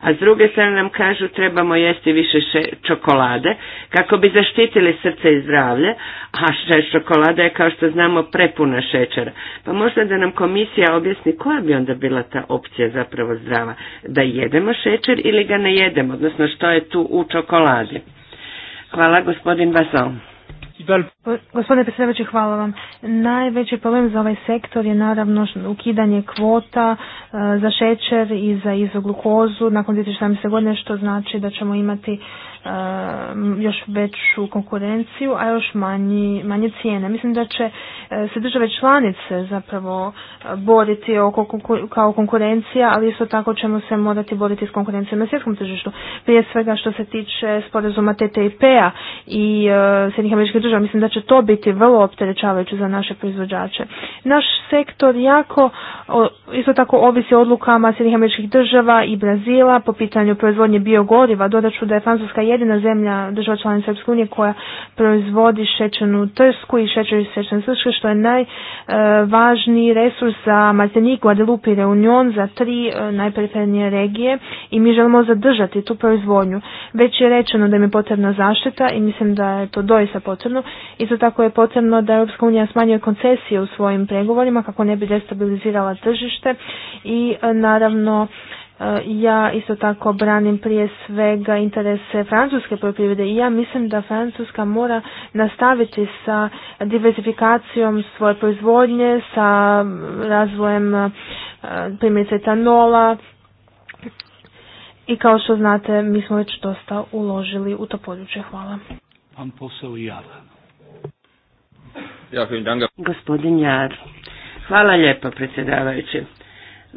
A s druge strane nam kažu trebamo jesti više čokolade kako bi zaštitili srce i zdravlje, a še čokolada je kao što znamo prepuna šećera. Pa možda da nam komisija objasni koja bi onda bila ta opcija zapravo zdrava, da jedemo šećer ili ga ne jedemo, odnosno što je tu u čokoladi. Hvala gospodin Basal. Gospodine predsjedavajući, hvala vam. Najveći problem za ovaj sektor je naravno ukidanje kvota e, za šećer i za izoglukozu nakon 2017. godine, što znači da ćemo imati Um, još veću konkurenciju, a još manji, manje cijene. Mislim da će e, se države članice zapravo e, boriti oko, kao konkurencija, ali isto tako ćemo se morati boriti s konkurencijom na svjetskom tržištu. Prije svega što se tiče sporazuma TTIP-a i uh, p-a e, Sjednih američkih država, mislim da će to biti vrlo opterećavajuće za naše proizvođače. Naš sektor jako isto tako ovisi o odlukama Sjednih američkih država i Brazila po pitanju proizvodnje biogoriva. Dodaću da je Francuska jedina zemlja država članica Europske unije koja proizvodi šećernu trsku i šećer iz šećerne što je najvažniji resurs za Martinique, Guadalupe i Reunion, za tri e, najperifernije regije i mi želimo zadržati tu proizvodnju. Već je rečeno da im je potrebna zaštita i mislim da je to doista potrebno. Isto tako je potrebno da Europska unija smanjuje koncesije u svojim pregovorima kako ne bi destabilizirala tržište i e, naravno ja isto tako branim prije svega interese francuske poljoprivrede i ja mislim da Francuska mora nastaviti sa diversifikacijom svoje proizvodnje, sa razvojem e, primjerice etanola i kao što znate mi smo već dosta uložili u to područje. Hvala. Gospodin Jar. Hvala lijepo predsjedavajući.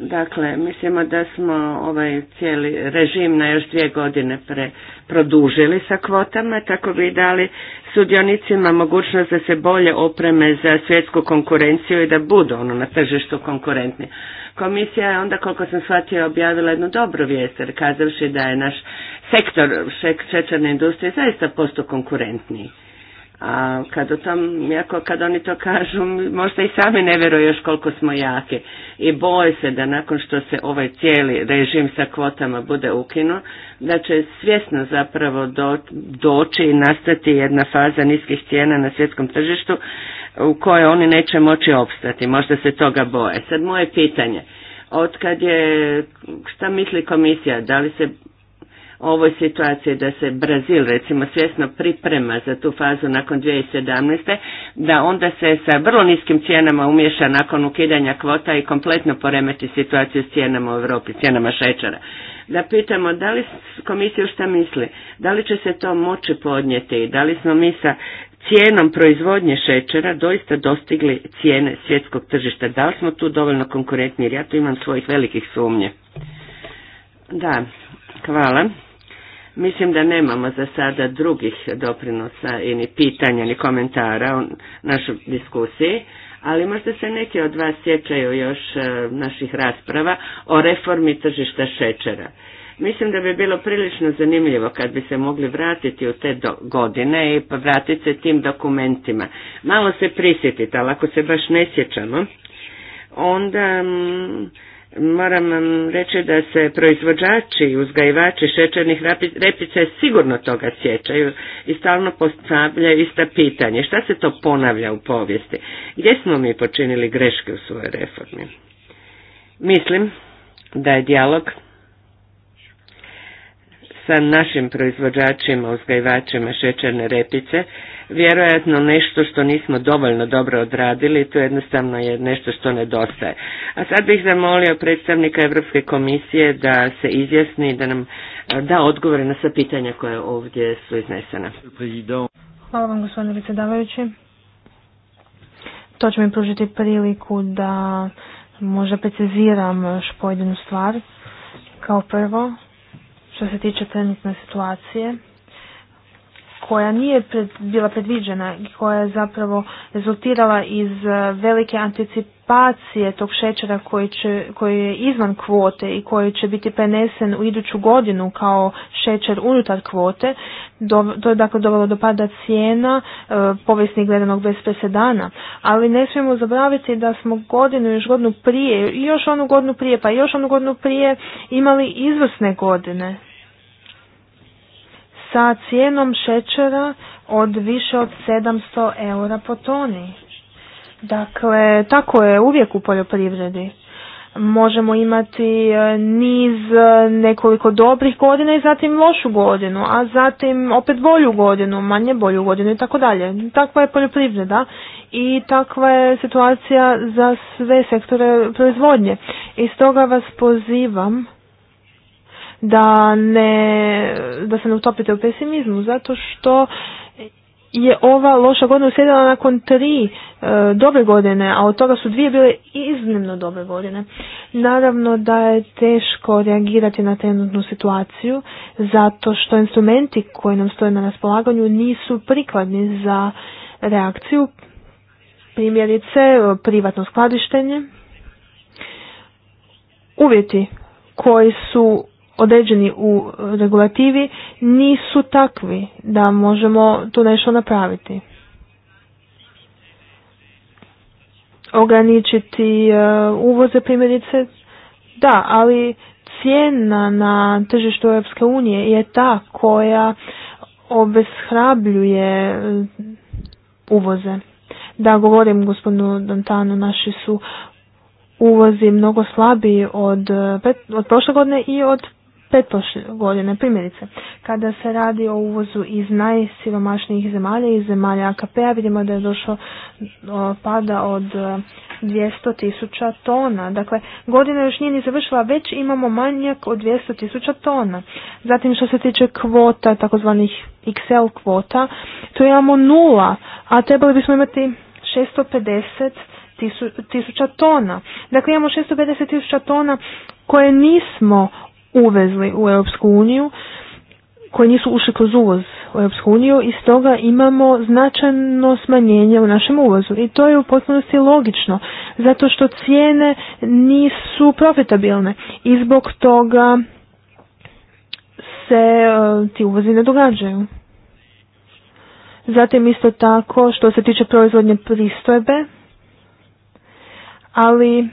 Dakle, mislimo da smo ovaj cijeli režim na još dvije godine pre produžili sa kvotama, tako bi dali sudionicima mogućnost da se bolje opreme za svjetsku konkurenciju i da budu ono na tržištu konkurentni. Komisija je onda, koliko sam shvatio, objavila jednu dobru vijest, jer kazavši da je naš sektor šećerne industrije zaista posto konkurentniji. A kad, o tom, jako, kad oni to kažu, možda i sami ne vjeruju još koliko smo jake i boje se da nakon što se ovaj cijeli režim sa kvotama bude ukinuo, da će svjesno zapravo do, doći i nastati jedna faza niskih cijena na svjetskom tržištu u kojoj oni neće moći opstati. Možda se toga boje. Sad moje pitanje, od kad je, šta misli komisija, da li se ovoj situaciji da se Brazil recimo svjesno priprema za tu fazu nakon 2017. da onda se sa vrlo niskim cijenama umješa nakon ukidanja kvota i kompletno poremeti situaciju s cijenama u Europi, cijenama šećera. Da pitamo da li komisija šta misli, da li će se to moći podnijeti i da li smo mi sa cijenom proizvodnje šećera doista dostigli cijene svjetskog tržišta. Da li smo tu dovoljno konkurentni jer ja tu imam svojih velikih sumnje. Da, hvala. Mislim da nemamo za sada drugih doprinosa i ni pitanja ni komentara u našoj diskusiji, ali možda se neki od vas sjećaju još e, naših rasprava o reformi tržišta šećera. Mislim da bi bilo prilično zanimljivo kad bi se mogli vratiti u te godine i vratiti se tim dokumentima. Malo se prisjetiti, ali ako se baš ne sjećamo, onda... Mm, Moram vam reći da se proizvođači i uzgajivači šećernih repice sigurno toga sjećaju i stalno postavljaju ista pitanje. Šta se to ponavlja u povijesti? Gdje smo mi počinili greške u svojoj reformi? Mislim da je dijalog sa našim proizvođačima, uzgajivačima šećerne repice vjerojatno nešto što nismo dovoljno dobro odradili to jednostavno je nešto što nedostaje. A sad bih zamolio predstavnika Europske komisije da se izjasni i da nam eh, da odgovore na sva pitanja koje ovdje su iznesena. Hvala vam gospodine predsjedavajući. To će mi pružiti priliku da možda preciziram još pojedinu stvar. Kao prvo, što se tiče trenutne situacije, koja nije pred, bila predviđena i koja je zapravo rezultirala iz e, velike anticipacije tog šećera koji, će, koji je izvan kvote i koji će biti prenesen u iduću godinu kao šećer unutar kvote, do, to je dakle dovelo do pada cijena e, povijesnih gledanog bez presedana. Ali ne smijemo zaboraviti da smo godinu, još godinu prije, još onu godinu prije, pa još onu godinu prije imali izvrsne godine sa cijenom šećera od više od 700 eura po toni. Dakle, tako je uvijek u poljoprivredi. Možemo imati e, niz e, nekoliko dobrih godina i zatim lošu godinu, a zatim opet bolju godinu, manje bolju godinu i tako dalje. Takva je poljoprivreda i takva je situacija za sve sektore proizvodnje. I stoga vas pozivam da, ne, da se ne utopite u pesimizmu, zato što je ova loša godina usjedila nakon tri e, dobre godine, a od toga su dvije bile iznimno dobre godine. Naravno da je teško reagirati na trenutnu situaciju, zato što instrumenti koji nam stoje na raspolaganju nisu prikladni za reakciju, primjerice privatno skladištenje, uvjeti koji su određeni u regulativi nisu takvi da možemo tu nešto napraviti. Ograničiti e, uvoze primjerice, da, ali cijena na tržištu Europske unije je ta koja obeshrabljuje e, uvoze. Da, govorim gospodinu Dantanu, naši su uvozi mnogo slabiji od, od prošle godine i od pretprošle godine, primjerice. Kada se radi o uvozu iz najsiromašnijih zemalja, iz zemalja AKP-a, vidimo da je došlo pada od 200 e, tisuća tona. Dakle, godina još nije ni završila, već imamo manjak od 200 tisuća tona. Zatim što se tiče kvota, takozvanih XL kvota, to imamo nula, a trebali bismo imati 650 tisuća tona. Dakle, imamo 650 tisuća tona koje nismo uvezli u Europsku uniju, koji nisu ušli kroz uvoz u Europsku uniju i stoga imamo značajno smanjenje u našem uvozu. I to je u potpunosti logično, zato što cijene nisu profitabilne i zbog toga se e, ti uvozi ne događaju. Zatim isto tako što se tiče proizvodnje pristojbe, ali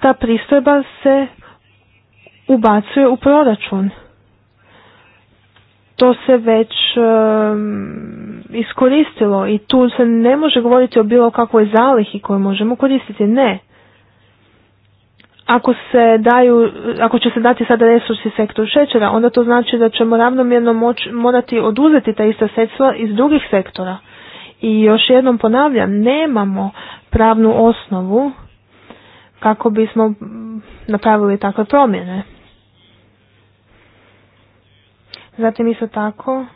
ta pristojba se ubacuje u proračun. To se već iskoristilo i tu se ne može govoriti o bilo kakvoj zalihi koju možemo koristiti, ne. Ako, se daju, ako će se dati sada resursi sektoru šećera, onda to znači da ćemo ravnomjerno moć, morati oduzeti ta ista sredstva iz drugih sektora. I još jednom ponavljam, nemamo pravnu osnovu kako bismo napravili takve promjene. Zatim isto tako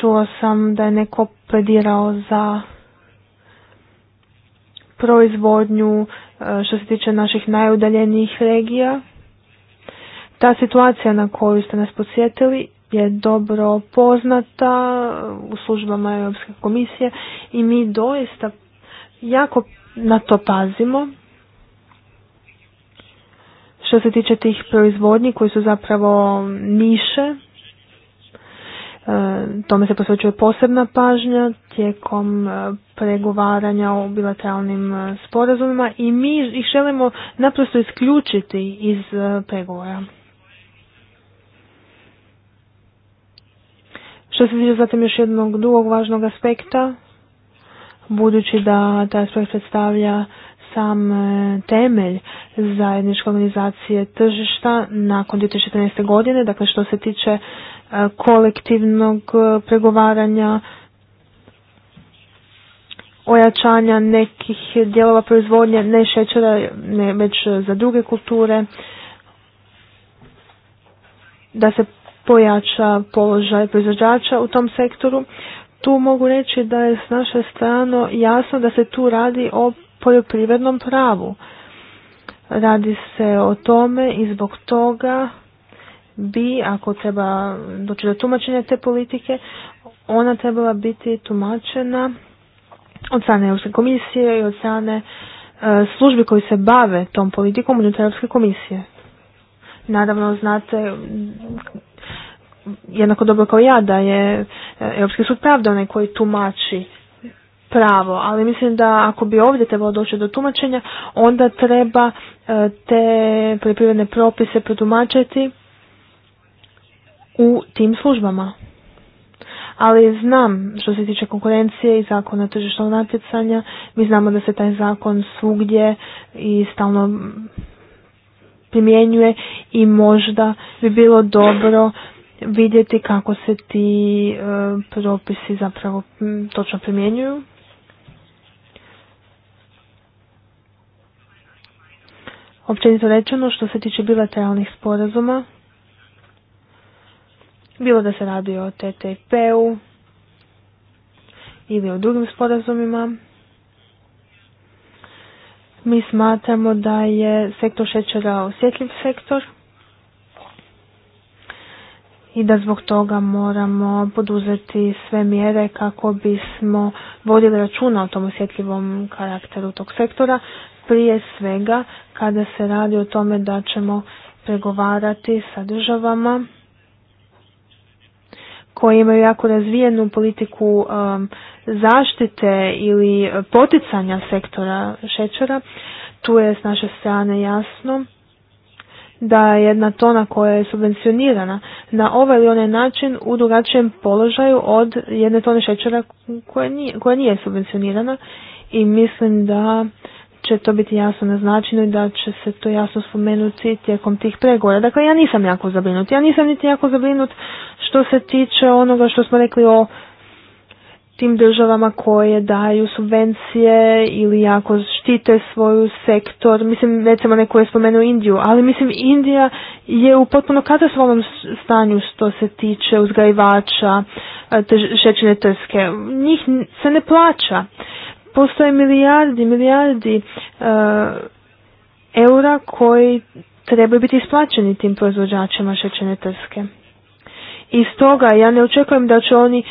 čuo sam da je neko predirao za proizvodnju e, što se tiče naših najudaljenijih regija. Ta situacija na koju ste nas podsjetili je dobro poznata u službama Europske komisije i mi doista jako na to pazimo što se tiče tih proizvodnji koji su zapravo niše, e, tome se posvećuje posebna pažnja tijekom e, pregovaranja o bilateralnim e, sporazumima i mi ih želimo naprosto isključiti iz pregovora. Što se tiče zatim još jednog drugog važnog aspekta, budući da taj aspekt predstavlja sam e, temelj zajedničke organizacije tržišta nakon 2014. godine, dakle što se tiče e, kolektivnog e, pregovaranja, ojačanja nekih dijelova proizvodnje, ne šećera, ne, već za druge kulture, da se pojača položaj proizvođača u tom sektoru. Tu mogu reći da je s naše strane jasno da se tu radi o poljoprivrednom pravu. Radi se o tome i zbog toga bi, ako treba doći do tumačenja te politike, ona trebala biti tumačena od strane Europske komisije i od strane e, službi koji se bave tom politikom unutar Europske komisije. Naravno, znate jednako dobro kao ja da je e, Europski sud pravda onaj koji tumači pravo, ali mislim da ako bi ovdje trebalo doći do tumačenja, onda treba e, te poljoprivredne propise protumačiti u tim službama. Ali znam što se tiče konkurencije i zakona tržišnog natjecanja, mi znamo da se taj zakon svugdje i stalno primjenjuje i možda bi bilo dobro vidjeti kako se ti e, propisi zapravo točno primjenjuju. Općenito rečeno što se tiče bilateralnih sporazuma, bilo da se radi o TTIP-u ili o drugim sporazumima, mi smatramo da je sektor šećera osjetljiv sektor i da zbog toga moramo poduzeti sve mjere kako bismo vodili računa o tom osjetljivom karakteru tog sektora, prije svega kada se radi o tome da ćemo pregovarati sa državama koje imaju jako razvijenu politiku um, zaštite ili poticanja sektora šećera. Tu je s naše strane jasno da je jedna tona koja je subvencionirana na ovaj ili onaj način u drugačijem položaju od jedne tone šećera koja nije, koja nije subvencionirana i mislim da će to biti jasno naznačeno i da će se to jasno spomenuti tijekom tih pregovora. Dakle, ja nisam jako zabrinut. Ja nisam niti jako zabrinut što se tiče onoga što smo rekli o tim državama koje daju subvencije ili jako štite svoju sektor. Mislim, recimo neko je spomenuo Indiju, ali mislim Indija je u potpuno katastrofalnom stanju što se tiče uzgajivača e, šećine trske. Njih se ne plaća. Postoje milijardi, milijardi e, eura koji trebaju biti isplaćeni tim proizvođačima šećerne trske. I stoga ja ne očekujem da će oni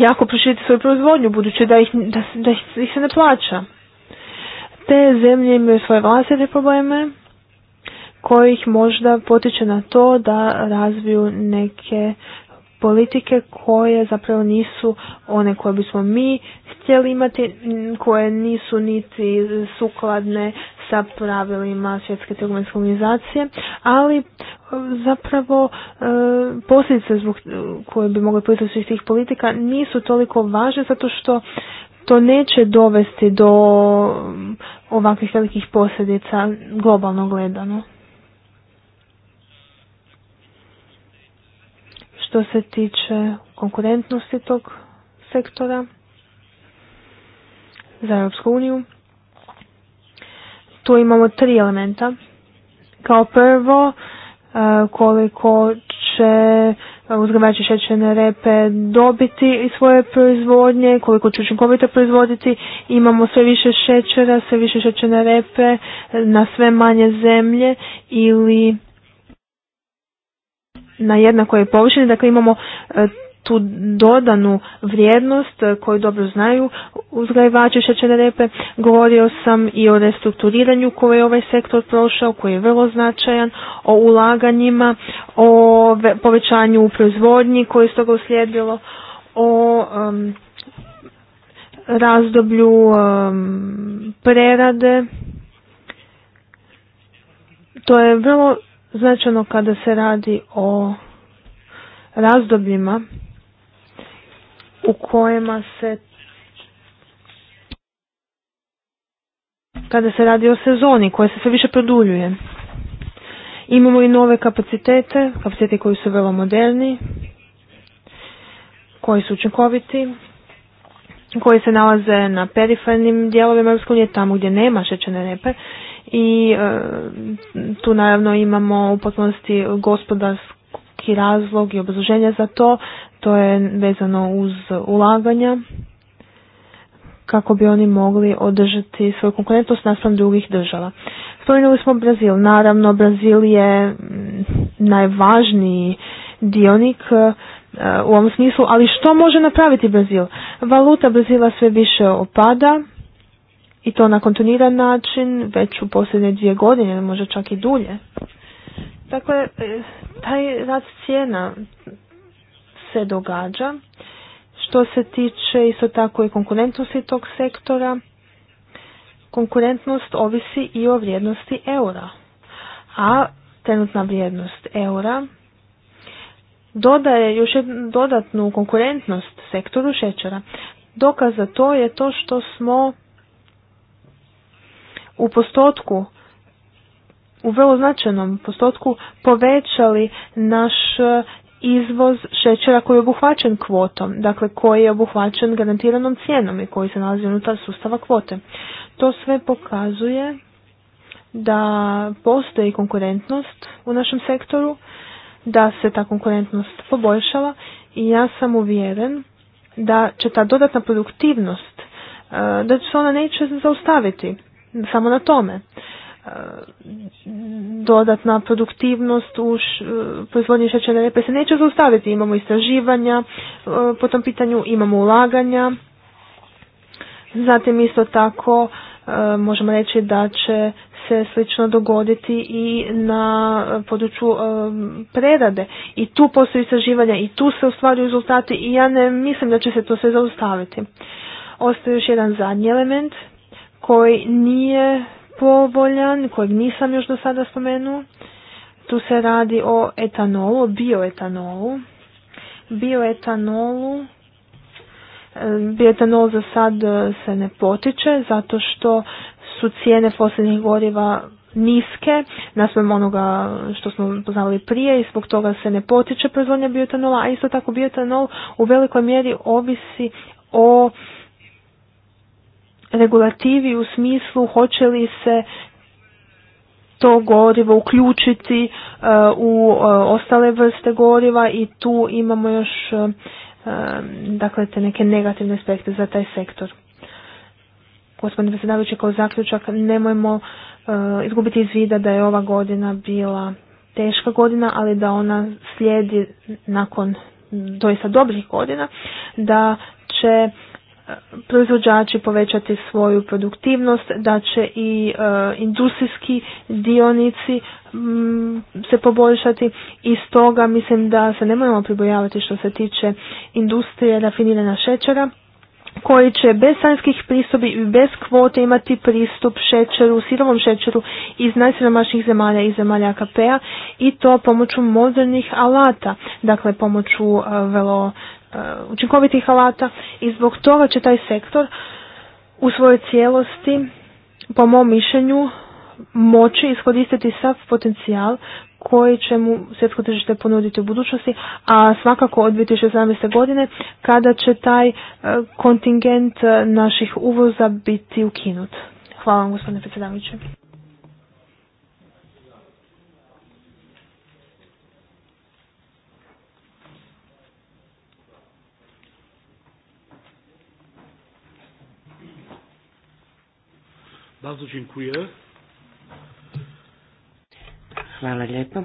jako proširiti svoju proizvodnju, budući da ih, da, da ih se ne plaća. Te zemlje imaju svoje vlastite probleme, koji ih možda potiče na to da razviju neke politike koje zapravo nisu one koje bismo mi htjeli imati koje nisu niti sukladne sa pravilima svjetske trgovinske organizacije, ali e, zapravo e, posljedice zbog e, koje bi mogle proizvesti svih tih politika nisu toliko važne zato što to neće dovesti do ovakvih velikih posljedica globalno gledano. Što se tiče konkurentnosti tog sektora, za Europsku uniju. Tu imamo tri elementa. Kao prvo, e, koliko će uzgavači šećerne repe dobiti svoje proizvodnje, koliko će učinkovito proizvoditi. Imamo sve više šećera, sve više šećerne repe na sve manje zemlje ili na jednakoj površini. Dakle, imamo e, tu dodanu vrijednost e, koju dobro znaju uzgajivači šećerne repe. Govorio sam i o restrukturiranju koje je ovaj sektor prošao, koji je vrlo značajan, o ulaganjima, o povećanju u proizvodnji koje je toga uslijedilo, o razdoblju prerade. To je vrlo značajno kada se radi o razdobljima u kojima se kada se radi o sezoni koja se sve više produljuje. Imamo i nove kapacitete, kapacitete koji su veoma moderni, koji su učinkoviti, koji se nalaze na perifernim dijelovima Europske unije, tamo gdje nema šećene repe i e, tu naravno imamo u potpunosti gospodarski razlog i obrazloženje za to. To je vezano uz ulaganja kako bi oni mogli održati svoju konkurentnost naspram drugih država. Spomenuli smo Brazil. Naravno, Brazil je mm, najvažniji dionik e, u ovom smislu, ali što može napraviti Brazil? Valuta Brazila sve više opada i to na kontinuiran način već u posljednje dvije godine, možda čak i dulje. Dakle, e, taj rad cijena, se događa. Što se tiče isto tako i konkurentnosti tog sektora, konkurentnost ovisi i o vrijednosti eura. A trenutna vrijednost eura dodaje još jednu dodatnu konkurentnost sektoru šećera. Dokaz za to je to što smo u postotku u vrlo značajnom postotku povećali naš izvoz šećera koji je obuhvaćen kvotom, dakle koji je obuhvaćen garantiranom cijenom i koji se nalazi unutar sustava kvote. To sve pokazuje da postoji konkurentnost u našem sektoru, da se ta konkurentnost poboljšala i ja sam uvjeren da će ta dodatna produktivnost, e, da se ona neće zaustaviti samo na tome dodatna produktivnost u e, proizvodnji šećerne repe se neće zaustaviti. Imamo istraživanja e, po tom pitanju, imamo ulaganja. Zatim isto tako e, možemo reći da će se slično dogoditi i na području prerade. I tu postoji istraživanja i tu se ostvaruju rezultati i ja ne mislim da će se to sve zaustaviti. Ostaje još jedan zadnji element koji nije povoljan, kojeg nisam još do sada spomenuo. Tu se radi o etanolu, bioetanolu. Bioetanolu e, bioetanol za sad e, se ne potiče zato što su cijene fosilnih goriva niske, naspram onoga što smo poznali prije i zbog toga se ne potiče proizvodnja bioetanola, a isto tako bioetanol u velikoj mjeri ovisi o regulativi u smislu hoće li se to gorivo uključiti e, u e, ostale vrste goriva i tu imamo još e, dakle te neke negativne aspekte za taj sektor. Gospodine predsjedavajući, kao zaključak nemojmo izgubiti iz vida da je ova godina bila teška godina, ali da ona slijedi nakon doista dobrih godina, da će proizvođači povećati svoju produktivnost, da će i e, industrijski dionici mm, se poboljšati i stoga mislim da se ne moramo pribojavati što se tiče industrije rafinirana šećera koji će bez sanjskih pristupi i bez kvote imati pristup šećeru, sirovom šećeru iz najsiromašnijih zemalja i zemalja AKP-a i to pomoću modernih alata, dakle pomoću e, velo Eh, učinkovitih alata i zbog toga će taj sektor u svojoj cijelosti, po mom mišljenju, moći iskoristiti sav potencijal koji će mu svjetsko tržište ponuditi u budućnosti, a svakako od 2017. godine kada će taj eh, kontingent eh, naših uvoza biti ukinut. Hvala vam gospodine predsjedavajući. Bardzo dziękuję. Hvala lijepo.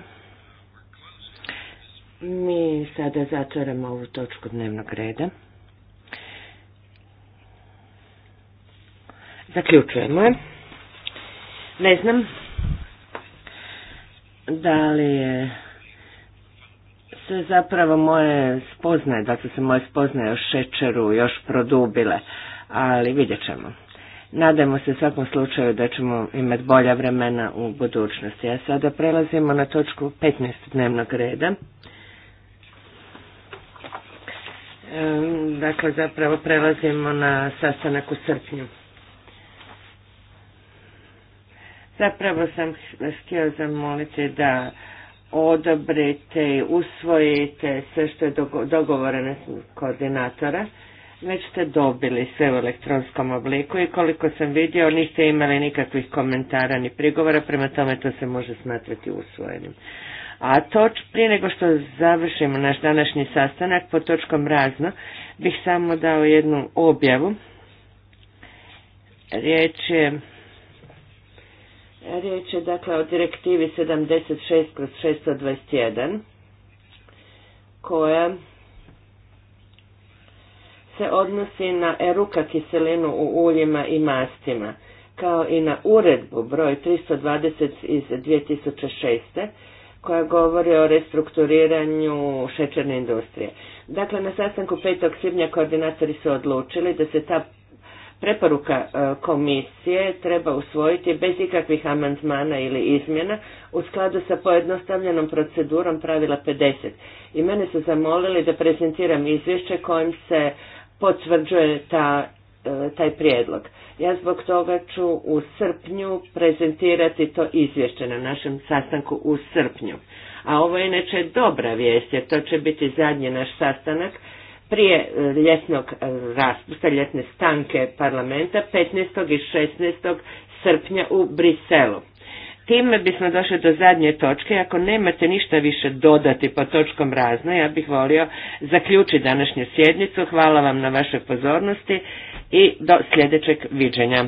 Mi sada zatvaramo ovu točku dnevnog reda. Zaključujemo je. Ne znam da li je se zapravo moje spoznaje, da su se moje spoznaje o šećeru još produbile, ali vidjet ćemo. Nadajmo se svakom slučaju da ćemo imati bolja vremena u budućnosti. A sada prelazimo na točku 15 dnevnog reda. Dakle, zapravo prelazimo na sastanak u srpnju. Zapravo sam vas htio zamoliti da odobrite i usvojite sve što je dogovoreno koordinatora već ste dobili sve u elektronskom obliku i koliko sam vidio niste imali nikakvih komentara ni prigovora, prema tome to se može smatrati usvojenim. A toč, prije nego što završimo naš današnji sastanak po točkom razno, bih samo dao jednu objavu. Riječ je Riječ je dakle o direktivi 76 kroz 621 koja se odnosi na eruka kiselinu u uljima i mastima, kao i na uredbu broj 320 iz 2006 koja govori o restrukturiranju šećerne industrije. Dakle, na sastanku 5. svibnja koordinatori su odlučili da se ta preporuka e, komisije treba usvojiti bez ikakvih amandmana ili izmjena u skladu sa pojednostavljenom procedurom pravila 50. I mene su zamolili da prezentiram izvješće kojim se potvrđuje ta, e, taj prijedlog. Ja zbog toga ću u srpnju prezentirati to izvješće na našem sastanku u srpnju. A ovo je inače dobra vijest jer to će biti zadnji naš sastanak prije e, ljetnog e, raspusta, ljetne stanke parlamenta 15. i 16. srpnja u Briselu. Time bismo došli do zadnje točke. Ako nemate ništa više dodati po točkom razno, ja bih volio zaključiti današnju sjednicu. Hvala vam na vašoj pozornosti i do sljedećeg viđenja.